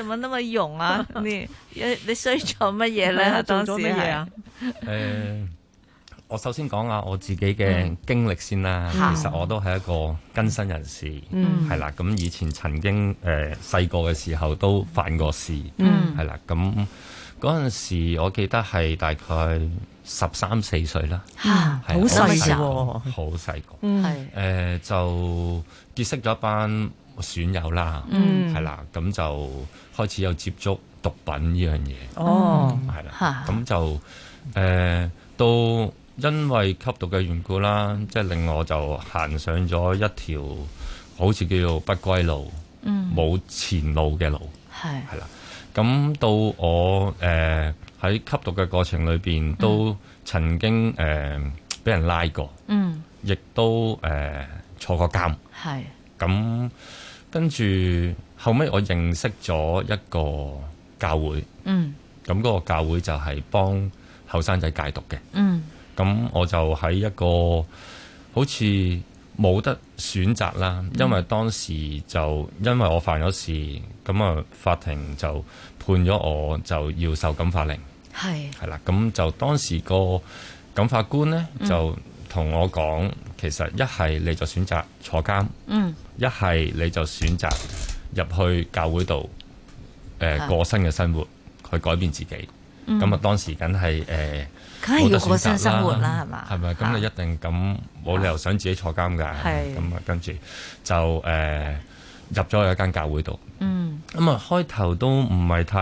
做乜那麼勇啊？ 你你衰咗乜嘢咧？當時係誒、呃，我首先講下我自己嘅經歷先啦、嗯。其實我都係一個更新人士，係、嗯、啦。咁以前曾經誒細個嘅時候都犯過事，係、嗯、啦。咁嗰陣時我記得係大概十三四歲啦，吓好細個，好細個，係誒、嗯嗯嗯呃、就結識咗一班。我選友啦，係、嗯、啦，咁就開始有接觸毒品呢樣嘢。哦，係啦，咁就誒到、呃、因為吸毒嘅緣故啦，即、就、係、是、令我就行上咗一條好似叫做不歸路，嗯，冇前路嘅路，係，係啦。咁到我誒喺、呃、吸毒嘅過程裏邊，都曾經誒俾、呃、人拉過，嗯，亦都誒、呃、坐過監，係，咁。跟住後尾我認識咗一個教會，咁嗰、嗯嗯嗰個教會就係幫後生仔戒毒嘅。咁、嗯、我就喺一個好似冇得選擇啦，因為當時就因為我犯咗事，咁啊法庭就判咗我就要受感化令，係係是啦。咁就當時個感法官呢就，嗯同我講，其實一係你就選擇坐監，一係、嗯、你就選擇入去教會度誒、呃、過新嘅生活去改變自己。咁啊、嗯、當時梗係誒，梗係、呃、要過新嘅生活啦，係嘛吧？係咪？咁你一定咁冇是理由想自己坐監㗎。係咁啊，嗯、跟住就誒入咗一間教會度。嗯，咁啊開頭都唔係太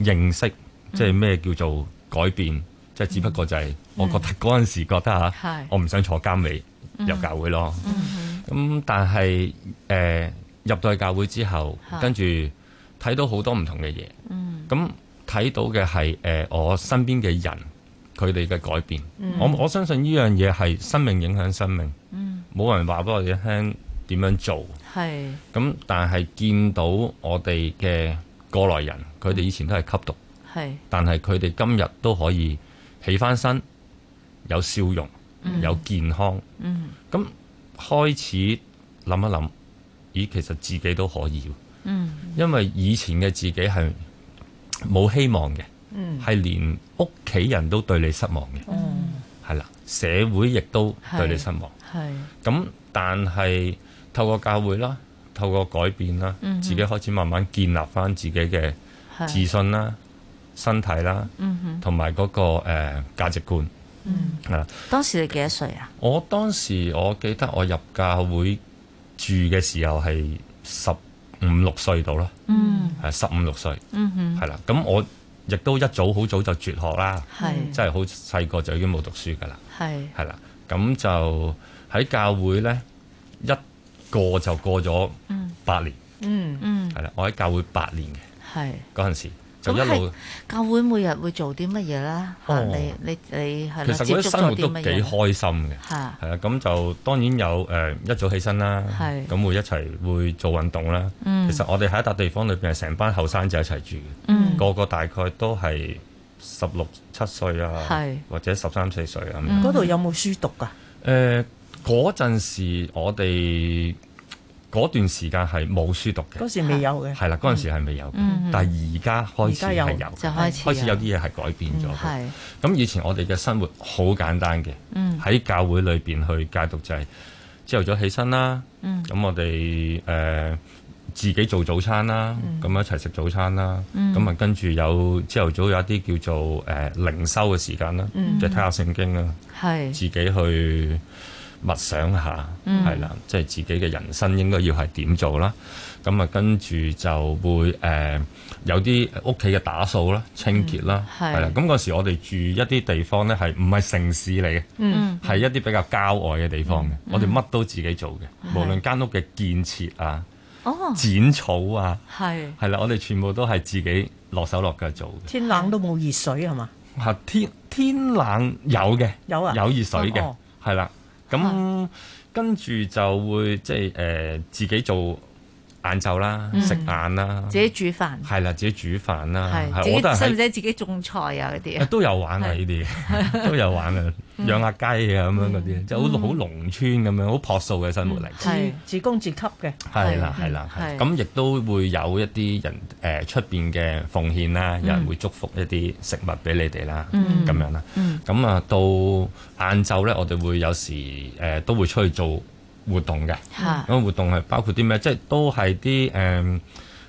認識，即係咩叫做改變。即係只不過就係，我覺得嗰陣、嗯、時覺得嚇，我唔想坐監尾入教會咯。咁、嗯嗯嗯、但係誒、呃、入到去教會之後，跟住睇到好多唔同嘅嘢。咁、嗯、睇到嘅係誒我身邊嘅人佢哋嘅改變。嗯、我我相信呢樣嘢係生命影響生命。冇、嗯、人話俾我哋聽點樣做。咁但係見到我哋嘅過來人，佢哋以前都係吸毒，是但係佢哋今日都可以。起翻身，有笑容，嗯、有健康，咁、嗯、開始諗一諗，咦，其實自己都可以、嗯，因為以前嘅自己係冇希望嘅，係、嗯、連屋企人都對你失望嘅，係、嗯、啦，社會亦都對你失望，咁但係透過教會啦，透過改變啦，嗯、自己開始慢慢建立翻自己嘅自信啦。身體啦，同埋嗰個誒、呃、價值觀，啦、嗯。當時你幾多歲啊？我當時我記得我入教會住嘅時候係十五六歲度咯，十五六歲，係、嗯、啦。咁我亦都一早好早就輟學啦，的真係好細個就已經冇讀書噶啦，係啦。咁就喺教會咧，一過就過咗八年，係、嗯、啦、嗯。我喺教會八年嘅，係嗰陣時。就一路，教會每日會做啲乜嘢啦？你你你係其實嗰啲生活都幾開心嘅，係啊，咁就當然有誒一早起身啦，咁會一齊會做運動啦。其實我哋喺一笪地方裏邊係成班後生仔一齊住，個個大概都係十六七歲啊，或者十三四歲咁。嗰度有冇書讀噶？誒，嗰陣時我哋。嗰段時間係冇書讀嘅，嗰時未有嘅，係啦、啊，嗰陣時係未有，嘅、嗯。但係而家開始係有,有,有，開始有啲嘢係改變咗。咁、嗯、以前我哋嘅生活好簡單嘅，喺、嗯、教會裏邊去戒毒就係朝頭早起身啦，咁、嗯、我哋誒、呃、自己做早餐啦，咁、嗯、一齊食早餐啦，咁啊跟住有朝頭早有一啲叫做誒靈、呃、修嘅時間啦、嗯，就睇下聖經啦，自己去。默想下，係啦，即係自己嘅人生應該要係點做啦。咁啊，跟住就會誒、呃、有啲屋企嘅打掃啦、清潔啦，係、嗯、啦。咁嗰時候我哋住一啲地方咧，係唔係城市嚟嘅？嗯，係一啲比較郊外嘅地方嘅、嗯。我哋乜都自己做嘅，無論間屋嘅建設啊、哦、剪草啊，係係啦，我哋全部都係自己落手落腳做嘅。天冷都冇熱水係嘛？啊，天天冷有嘅，有啊，有熱水嘅，係、哦、啦。咁跟住就會即係誒、呃、自己做。晏晝啦，食、嗯、晏啦，自己煮飯係啦，自己煮飯啦，係，自己使唔使自己種菜啊？嗰啲、啊、都有玩啊！呢啲 都有玩嘅，養下雞啊，咁樣嗰啲，就好、嗯、好農村咁樣，好樸素嘅生活嚟。自自供自給嘅係啦，係啦，咁亦都會有一啲人誒，出邊嘅奉獻啦、嗯，有人會祝福一啲食物俾你哋啦，咁、嗯、樣啦，咁、嗯、啊，到晏晝咧，我哋會有時誒、呃，都會出去做。活動嘅，嗰個活動係包括啲咩？即係都係啲誒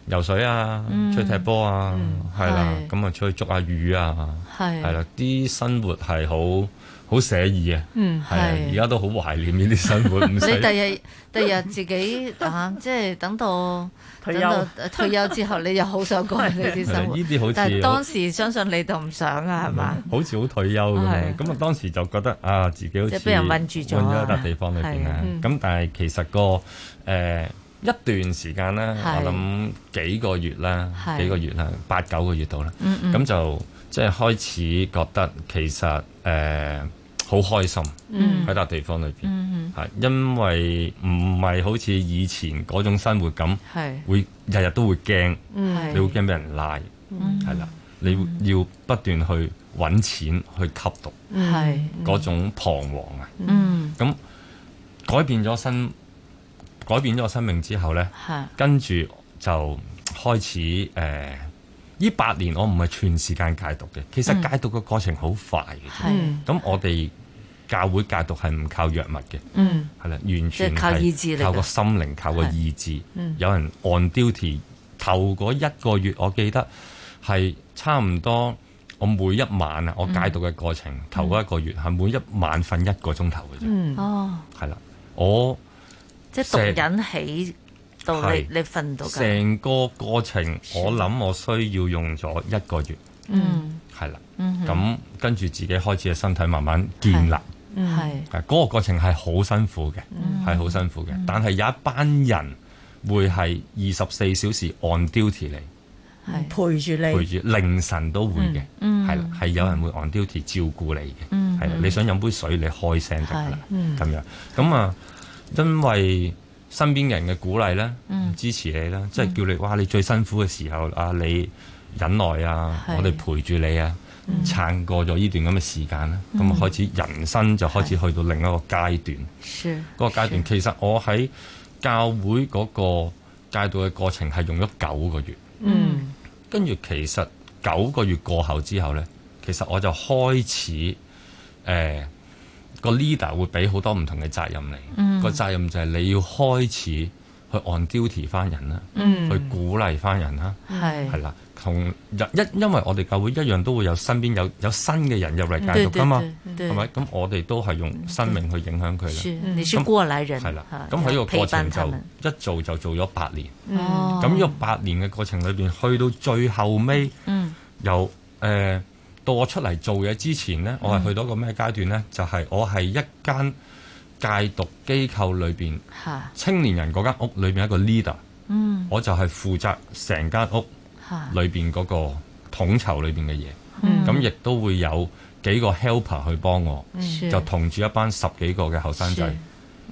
游水啊，出去踢波啊，係啦、嗯，咁啊出去捉下魚啊，係啦，啲生活係好好寫意啊。係而家都好懷念呢啲生活。 唔使你第日第日自己 啊，即係等到。退休， 退休之後，你又好想過呢啲生活。呢啲好似當時相信你都唔想啊，係嘛？ 好似好退休咁樣，咁啊當時就覺得啊，自己好似即係被人困住咗啊笪地方裏邊啦。咁、嗯、但係其實、那個誒、呃、一段時間啦，的我諗幾個月啦，幾個月啦，八九個月到啦。咁、嗯嗯、就即係開始覺得其實誒。呃好開心喺笪、嗯、地方裏邊，係、嗯、因為唔係好似以前嗰種生活咁，係會日日都會驚，你會驚俾人拉，係、嗯、啦，你要不斷去揾錢去吸毒，係嗰種彷徨啊，嗯，咁改變咗生改變咗生命之後咧，跟住就開始誒，呢、呃、八年我唔係全時間戒毒嘅，其實戒毒嘅過程好快嘅，係、嗯、咁我哋。教會戒毒係唔靠藥物嘅，係、嗯、啦，完全靠意志嚟靠個心靈，靠個意志。嗯、有人按 duty，頭嗰一個月，我記得係差唔多，我每一晚啊，我戒毒嘅過程，頭、嗯、嗰一個月係每一晚瞓一個鐘頭嘅啫。哦，係啦，我即係毒癮起到你你瞓到成個過程，我諗我需要用咗一個月。嗯，係啦，咁、嗯嗯嗯嗯、跟住自己開始嘅身體慢慢建立。嗯，係，嗰個過程係好辛苦嘅，係、嗯、好辛苦嘅、嗯。但係有一班人會係二十四小時 on duty 嚟，陪住你，陪住凌晨都會嘅，係、嗯、啦，嗯、有人會 on duty 照顧你嘅，係、嗯嗯、你想飲杯水，你開聲得噶啦，咁樣。咁、嗯、啊、嗯嗯嗯，因為身邊人嘅鼓勵咧，支持你啦，即、就、係、是、叫你、嗯、哇，你最辛苦嘅時候啊，你忍耐啊，我哋陪住你啊。嗯、撐過咗呢段咁嘅時間啦，咁、嗯、啊，開始人生就開始去到另一個階段。嗰、那個階段其實我喺教會嗰個戒毒嘅過程係用咗九個月。嗯，跟住其實九個月過後之後呢，其實我就開始誒、呃，那個 leader 會俾好多唔同嘅責任你。嗯、那個責任就係你要開始去按 duty 翻人啦、嗯，去鼓勵翻人啦，係啦。同一，因為我哋教會一樣都會有身邊有有新嘅人入嚟戒毒噶嘛，係咪？咁我哋都係用生命去影響佢啦、嗯。你是過來人，係啦。咁喺呢個過程就一做就做咗八年。咁、嗯、呢個八年嘅過程裏邊，去到最後尾，嗯、由誒、呃、到我出嚟做嘢之前呢，嗯、我係去到一個咩階段呢？就係、是、我係一間戒毒機構裏邊、啊，青年人嗰間屋裏邊一個 leader、嗯。我就係負責成間屋。裏面嗰個統籌裏面嘅嘢，咁亦都會有幾個 helper 去幫我，就同住一班十幾個嘅後生仔，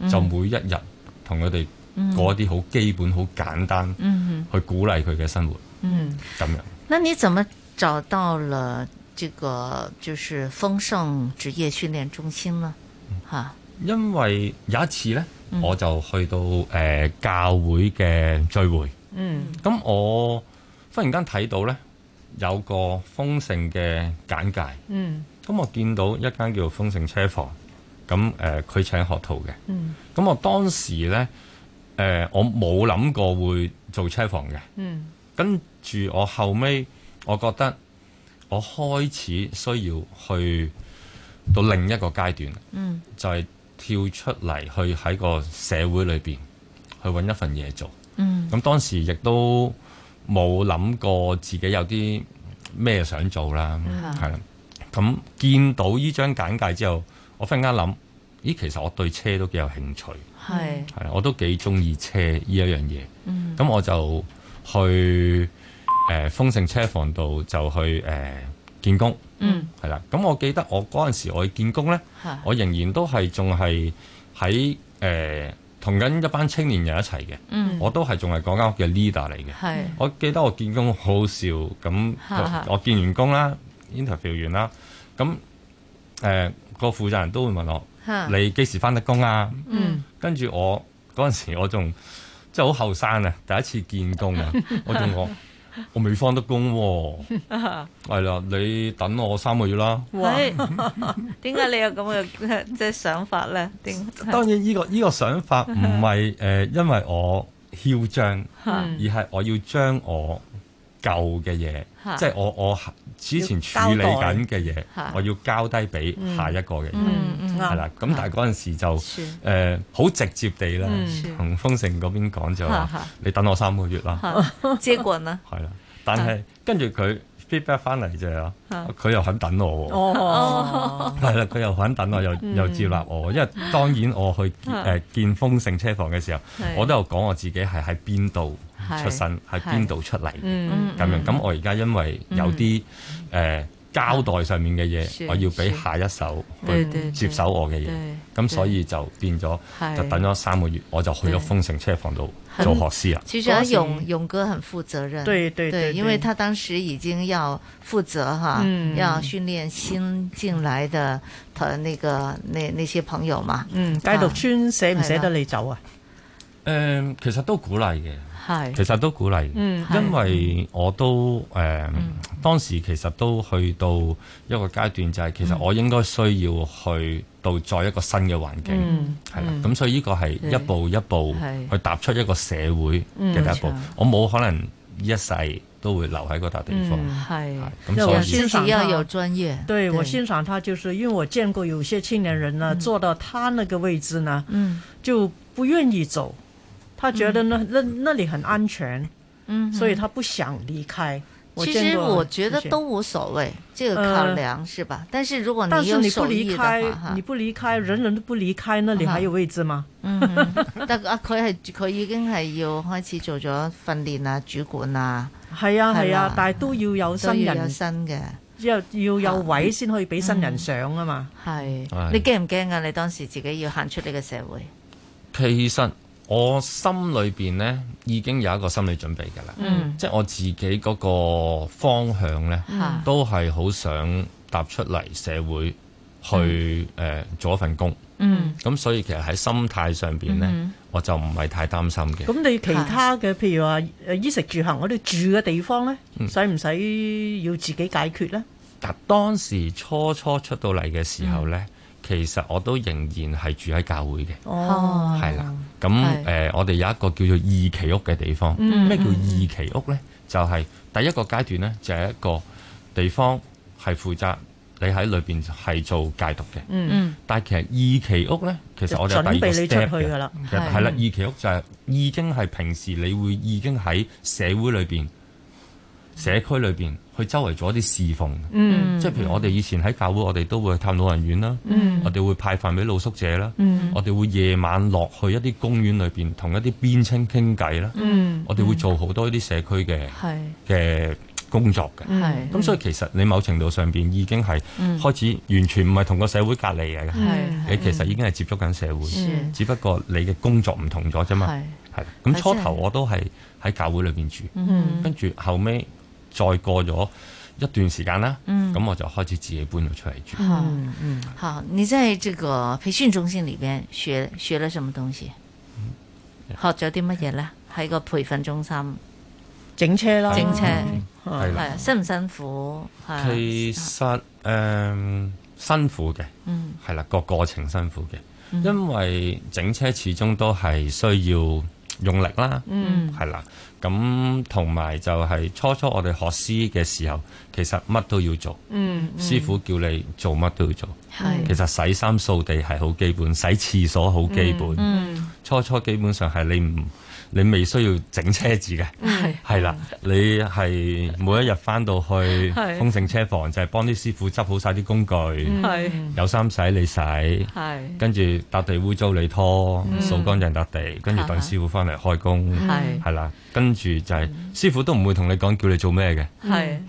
就每一日同佢哋過一啲好基本、好、嗯、簡單，去鼓勵佢嘅生活咁、嗯、樣。那你怎麼找到了這個就是豐盛職業訓練中心呢？吓，因為有一次呢，嗯、我就去到、呃、教會嘅聚會，嗯，咁我。忽然間睇到呢，有個豐盛嘅簡介。嗯，咁我見到一間叫做豐盛車房，咁誒佢請學徒嘅。嗯，咁我當時呢，誒、呃、我冇諗過會做車房嘅。嗯，跟住我後尾，我覺得我開始需要去到另一個階段。嗯，就係、是、跳出嚟去喺個社會裏邊去搵一份嘢做。嗯，咁當時亦都。冇諗過自己有啲咩想做啦，係啦。咁見到依張簡介之後，我忽然間諗，咦，其實我對車都幾有興趣，我都幾中意車呢一樣嘢。咁、嗯、我就去誒、呃、豐盛車房度就去建工、呃，嗯，係啦。咁我記得我嗰陣時我建工咧，我仍然都係仲係喺同緊一班青年人一齊嘅、嗯，我都係仲係嗰間屋嘅 leader 嚟嘅。我記得我見工好好笑，咁我見完工啦、interview 完啦，咁誒個負責人都會問我：你幾時翻得工啊？嗯、跟住我嗰陣時我，我仲即係好後生啊，第一次見工啊， 我仲還講。 我未翻得工喎，係啦， 你等我三個月啦。喂哇，點解 你有咁嘅即係想法咧？ 當然呢個、呢個想法唔係誒，因為我囂張，而係我要將我舊嘅嘢。即係我我之前處理緊嘅嘢，我要交低俾下一個嘅人，係、嗯、啦。咁、嗯、但係嗰陣時就誒好、呃、直接地咧，同豐盛嗰邊講就你等我三個月啦。借棍啦。係啦，但係跟住佢 feedback 翻嚟就啫，佢又肯等我。係、哦、啦，佢 又肯等我，又又接納我、嗯。因為當然我去誒見豐盛、呃、車房嘅時候，我都有講我自己係喺邊度。出身喺邊度出嚟？咁、嗯嗯、樣咁我而家因為有啲誒、嗯呃、交代上面嘅嘢，我要俾下一手去接手我嘅嘢，咁所以就變咗就等咗三個月，我就去咗豐盛車房度做學師啦。所以勇勇哥很負責任對對對對對對負責，對對對，因為他當時已經要負責嚇，要訓練新進來嘅朋那個那那，那些朋友嘛。嗯，啊、街道村捨唔捨得你走啊？誒、呃，其實都鼓勵嘅。其實都鼓勵，嗯、因為我都誒、呃嗯、當時其實都去到一個階段，嗯、就係、是、其實我應該需要去到再一個新嘅環境，啦、嗯，咁、嗯、所以呢個係一步一步去踏出一個社會嘅第一步。嗯、我冇可能一世都會留喺嗰笪地方。以、嗯、咁所以，所以我欣要有專業。對，對我欣賞他，就是因為我見過有些青年人呢，坐到他那個位置呢，嗯、就不願意走。他覺得呢、嗯，那那裏很安全，嗯，所以他不想離開。其實我覺得都無所謂，這個考量是吧、呃？但是如果你要，但是你不離開，你不離開，人人都不離開，那裏還有位置嗎？嗯， 嗯，但佢係佢已經係要開始做咗訓練啊，主管啊，係啊係啊，但係都要有新人有新嘅，要要有位先可以俾新人上啊嘛，係、啊嗯嗯。你驚唔驚啊？你當時自己要行出呢個社會？其實。我心裏邊呢已經有一個心理準備嘅啦、嗯，即係我自己嗰個方向呢，啊、都係好想踏出嚟社會去誒、嗯呃、做一份工。咁、嗯、所以其實喺心態上邊呢、嗯，我就唔係太擔心嘅。咁你其他嘅譬如話，衣食住行，我哋住嘅地方呢，使唔使要自己解決呢？嗱，當時初初出到嚟嘅時候呢。嗯其實我都仍然係住喺教會嘅，係、哦、啦。咁、呃、我哋有一個叫做二期屋嘅地方。咩、嗯、叫二期屋咧、嗯？就係、是、第一個階段咧，就係、是、一個地方係負責你喺裏面係做戒毒嘅。嗯嗯。但係其實二期屋咧，其實我哋準備你出去噶啦，係啦、嗯。二期屋就係已經係平時你會已經喺社會裏面。社區裏邊，去周圍做一啲侍奉，即係譬如我哋以前喺教會，我哋都會探老人院啦，我哋會派飯俾露宿者啦，我哋會夜晚落去一啲公園裏邊，同一啲邊青傾偈啦，我哋會做好多呢啲社區嘅嘅工作嘅。咁所以其實你某程度上邊已經係開始完全唔係同個社會隔離嚟嘅，你其實已經係接觸緊社會，只不過你嘅工作唔同咗啫嘛。係咁，初頭我都係喺教會裏邊住，跟住後尾。再過咗一段時間啦，咁、嗯、我就開始自己搬咗出嚟住。嗯嗯，好，你在這個培訓中心裏邊學學了什麼東西？學咗啲乜嘢呢？喺、嗯、個培訓中心整車咯，整車係辛唔辛苦？其實誒、呃，辛苦嘅，係啦個過程辛苦嘅，因為整車始終都係需要用力啦，係、嗯、啦。咁同埋就係、係、初初我哋學師嘅時候，其實乜都要做。嗯嗯、師傅叫你做乜都要做。其實洗衫掃地係好基本，洗廁所好基本、嗯嗯。初初基本上係你唔。你未需要整車子嘅？係啦，你係每一日翻到去豐盛車房，是就係、是、幫啲師傅執好晒啲工具，是有衫洗你洗，跟住笪地污糟你拖，掃乾淨笪地，跟住等師傅翻嚟開工，係啦，跟住就係、是、師傅都唔會同你講叫你做咩嘅，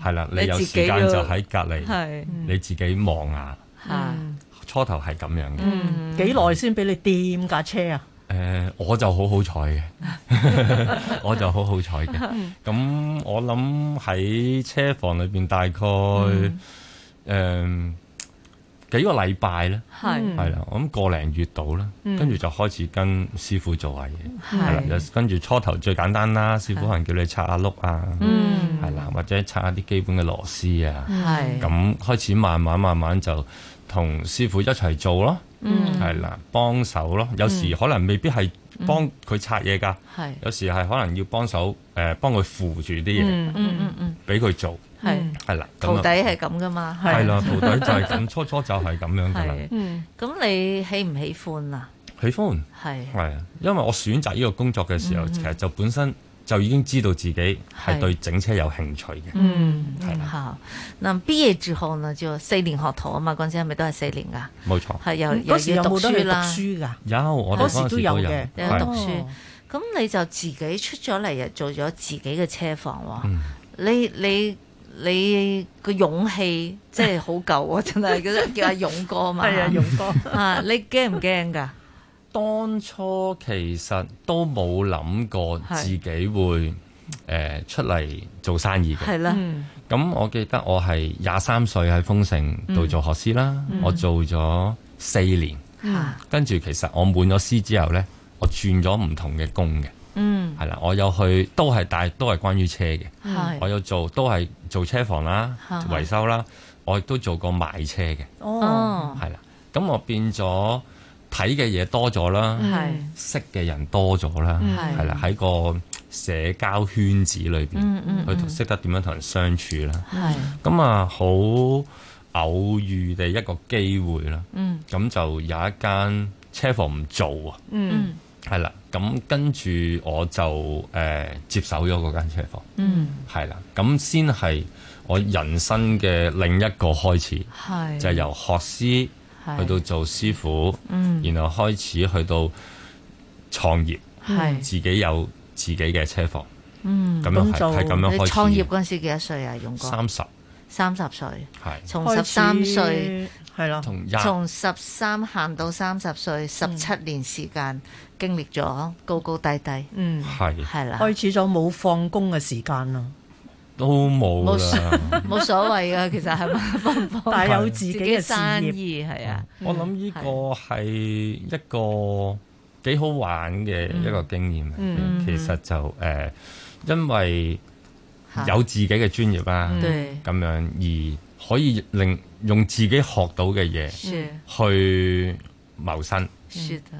係啦，你有時間就喺隔籬，你自己望啊，初頭係咁樣嘅，幾耐先俾你掂架車啊？誒、呃，我就好好彩嘅， 我就好好彩嘅。咁我諗喺車房裏邊大概誒、嗯呃、幾個禮拜咧，係係啦，我諗個零月度啦，跟、嗯、住就開始跟師傅做下嘢，係啦。跟住初頭最簡單啦，師傅可能叫你拆下碌啊，係啦，或者拆下啲基本嘅螺絲啊，係咁開始慢慢慢慢就。同師傅一齊做咯，係、嗯、啦，幫手咯。有時可能未必係幫佢拆嘢㗎、嗯，有時係可能要幫手誒幫佢扶住啲嘢，嗯嗯嗯俾佢、嗯、做，係、嗯、係啦。徒弟係咁㗎嘛，係啦，啦，徒弟就係咁， 初初就係咁樣㗎啦。咁你喜唔喜歡啊？喜歡係係啊，啊，因為我選擇呢個工作嘅時候、嗯，其實就本身。就已經知道自己係對整車有興趣嘅。嗯，嗱，畢業之後啊就四年學徒啊嘛，嗰陣時係咪都係四年㗎？冇錯。係、嗯、嗰時有冇得讀書㗎？有，嗰時都有嘅，有讀書。咁你就自己出咗嚟做咗自己嘅車房、嗯、你你你個勇氣真係好夠喎！ 真係叫阿勇哥啊嘛。係 啊，勇哥。啊， 你驚唔驚㗎？當初其實都冇諗過自己會誒、呃、出嚟做生意嘅。係啦。咁、嗯、我記得我係廿三歲喺豐城度做學師啦、嗯，我做咗四年。嗯、跟住其實我滿咗師之後呢，我轉咗唔同嘅工嘅。嗯，係啦，我有去都係，大，都係關於車嘅。我有做都係做車房啦、維修啦，我亦都做過買車嘅。哦，係啦，咁我變咗。睇嘅嘢多咗啦，識嘅人多咗啦，係啦，喺個社交圈子裏邊，佢識、嗯嗯嗯、得點樣同人相處啦。係咁啊，好偶遇嘅一個機會啦。嗯，咁就有一間車房唔做啊，嗯，係啦。咁跟住我就誒、呃、接手咗嗰間車房。嗯，係啦。咁先係我人生嘅另一個開始。係、嗯，是就係由學師。去到做師傅、嗯，然後開始去到創業，自己有自己嘅車房，咁、嗯、樣係咁、嗯、樣開始。創業嗰陣時幾多歲啊？勇哥三十，三十歲，從十三歲係咯，從十三行到三十歲，十、嗯、七年時間經歷咗高高低低，嗯係係啦，開始咗冇放工嘅時間啦。都冇噶，冇所謂噶。其實係咪？但有自己嘅生意係啊。 我諗呢個係一個幾好玩嘅一個經驗、嗯、其實就誒、呃，因為有自己嘅專業啦，咁、啊、樣而可以令用自己學到嘅嘢去謀生。嗯嗯。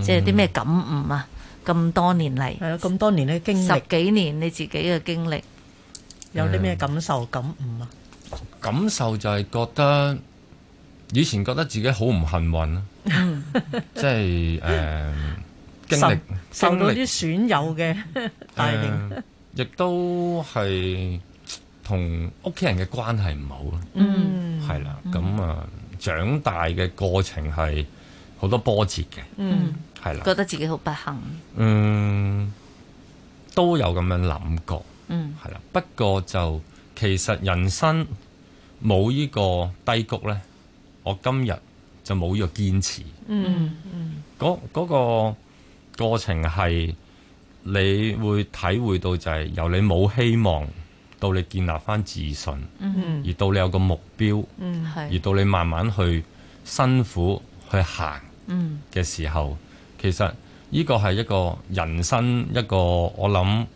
即係啲咩感悟啊？咁多年嚟，係啊，咁多年嘅經歷，十幾年你自己嘅經歷，有啲咩感受、感悟啊？感受就係覺得以前覺得自己好唔幸運啊，即係誒，經歷受到啲損友嘅帶領，亦都係同屋企人嘅關係唔好啊，嗯，係啦，咁啊，長大嘅過程係。好多波折嘅，嗯，係啦，覺得自己好不幸。嗯，都有咁樣諗過。嗯，係啦。不過就其實人生冇呢個低谷咧，我今日就冇呢個堅持。嗯嗯。嗰嗰個過程係你會體會到就係由你冇希望到你建立翻自信，嗯，而到你有個目標，嗯，而到你慢慢去辛苦去行。嘅時候，其實呢個係一個人生一個，我諗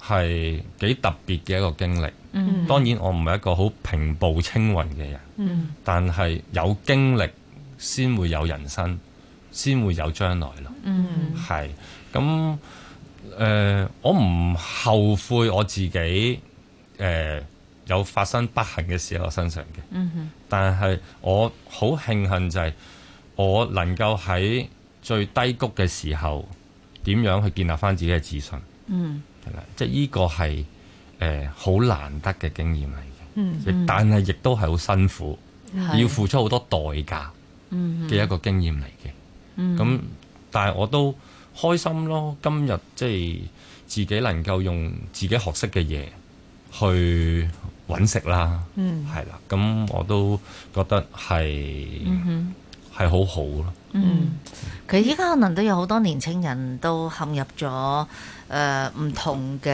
係幾特別嘅一個經歷。嗯、哼當然我唔係一個好平步青雲嘅人，嗯、哼但係有經歷先會有人生，先會有將來咯。係咁誒，我唔後悔我自己誒、呃、有發生不幸嘅事喺我身上嘅，嗯、哼但係我好慶幸就係、是。我能夠喺最低谷嘅時候點樣去建立翻自己嘅自信，嗯，係啦，即係呢個係誒好難得嘅經驗嚟嘅，嗯，嗯，但係亦都係好辛苦，要付出好多代價嘅一個經驗嚟嘅，嗯，咁、嗯、但係我都開心咯，今日即係自己能夠用自己學識嘅嘢去揾食啦，嗯，係啦，咁我都覺得係。嗯嗯係好好咯，嗯，佢依家可能都有好多年輕人都陷入咗誒唔同嘅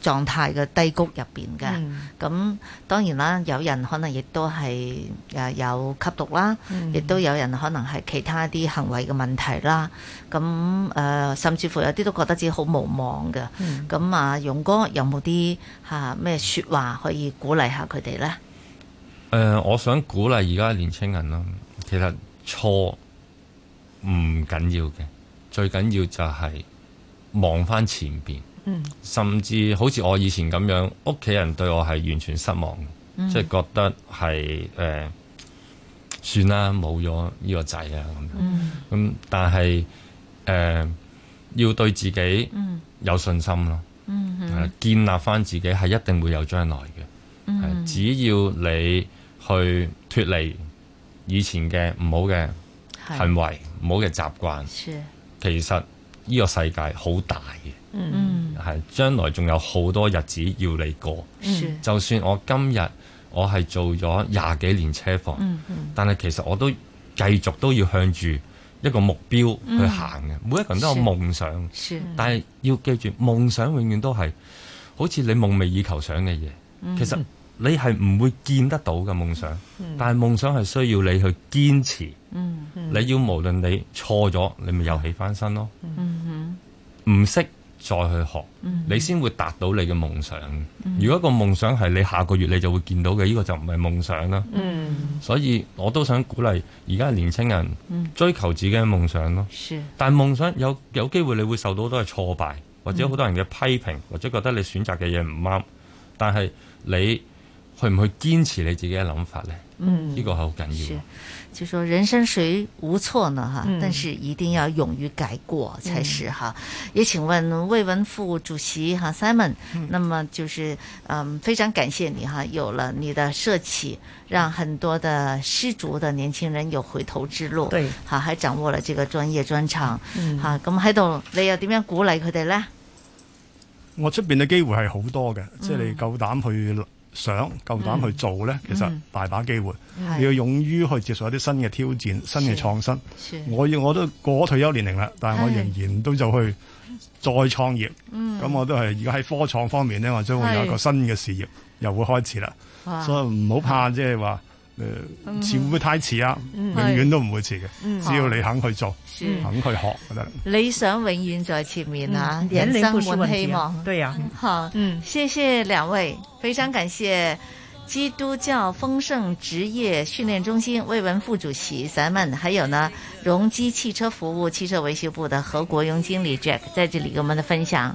狀態嘅低谷入邊嘅，咁、嗯嗯、當然啦，有人可能亦都係誒、呃、有吸毒啦，亦、嗯、都有人可能係其他啲行為嘅問題啦，咁、嗯、誒、呃、甚至乎有啲都覺得自己好無望嘅，咁、嗯嗯嗯、啊，勇哥有冇啲吓咩說話可以鼓勵下佢哋呢？誒、呃，我想鼓勵而家年青人咯，其實。錯唔緊要嘅，最緊要就係望翻前面、嗯。甚至好似我以前咁樣，屋企人對我係完全失望、嗯，即係覺得係誒、呃，算啦，冇咗呢個仔啦咁。咁、嗯嗯、但係誒、呃，要對自己有信心咯、嗯啊，建立翻自己係一定會有將來嘅、嗯。只要你去脫離。以前嘅唔好嘅行為，唔好嘅習慣，其實呢個世界好大嘅，係、嗯、將來仲有好多日子要你過。就算我今日我係做咗廿幾年車房，嗯嗯、但係其實我都繼續都要向住一個目標去行嘅、嗯。每一個人都有夢想，但係要記住，夢想永遠都係好似你夢寐以求想嘅嘢、嗯。其實。你係唔會見得到嘅夢想，但係夢想係需要你去堅持、嗯。你要無論你錯咗，你咪又起翻身咯。唔識再去學，嗯、你先會達到你嘅夢想、嗯。如果一個夢想係你下個月你就會見到嘅，呢、這個就唔係夢想啦、嗯。所以我都想鼓勵而家嘅年青人追求自己嘅夢想咯。但係夢想有有機會你會受到好多嘅挫敗，或者好多人嘅批評，或者覺得你選擇嘅嘢唔啱，但係你。去唔去堅持你自己嘅諗法呢嗯，呢、這個係好緊要。是，就說人生誰無錯呢？哈、嗯，但是一定要勇於改過才是哈、嗯啊。也請問魏文副主席哈、啊、Simon，、嗯、那麼就是嗯，非常感謝你哈、啊，有了你的社企，讓很多的失足的年輕人有回頭之路。對，哈、啊、還掌握了這個專業專長。嗯，好、啊，咁我們喺度你又點樣鼓勵佢哋呢？我出邊嘅機會係好多嘅、嗯，即係你夠膽去。想夠膽去做咧、嗯，其實大把機會、嗯。你要勇於去接受一啲新嘅挑戰、新嘅創新。我要我都過咗退休年齡啦，但係我仍然都就去再創業。咁、嗯、我都係而家喺科創方面咧，我將會有一個新嘅事業又會開始啦。所以唔好怕，即係話。誒、呃，似乎太遲啦、啊，永遠都唔會遲嘅、嗯。只要你肯去做，是肯去學得、嗯嗯。理想永遠在前面吓、啊嗯，人生滿希望。對呀、啊嗯，好嗯，謝謝兩位，非常感謝基督教豐盛職業訓練中心魏文副主席 Simon，還有呢榮基汽車服務汽車維修部的何國榮經理 Jack，在這裏給我們的分享。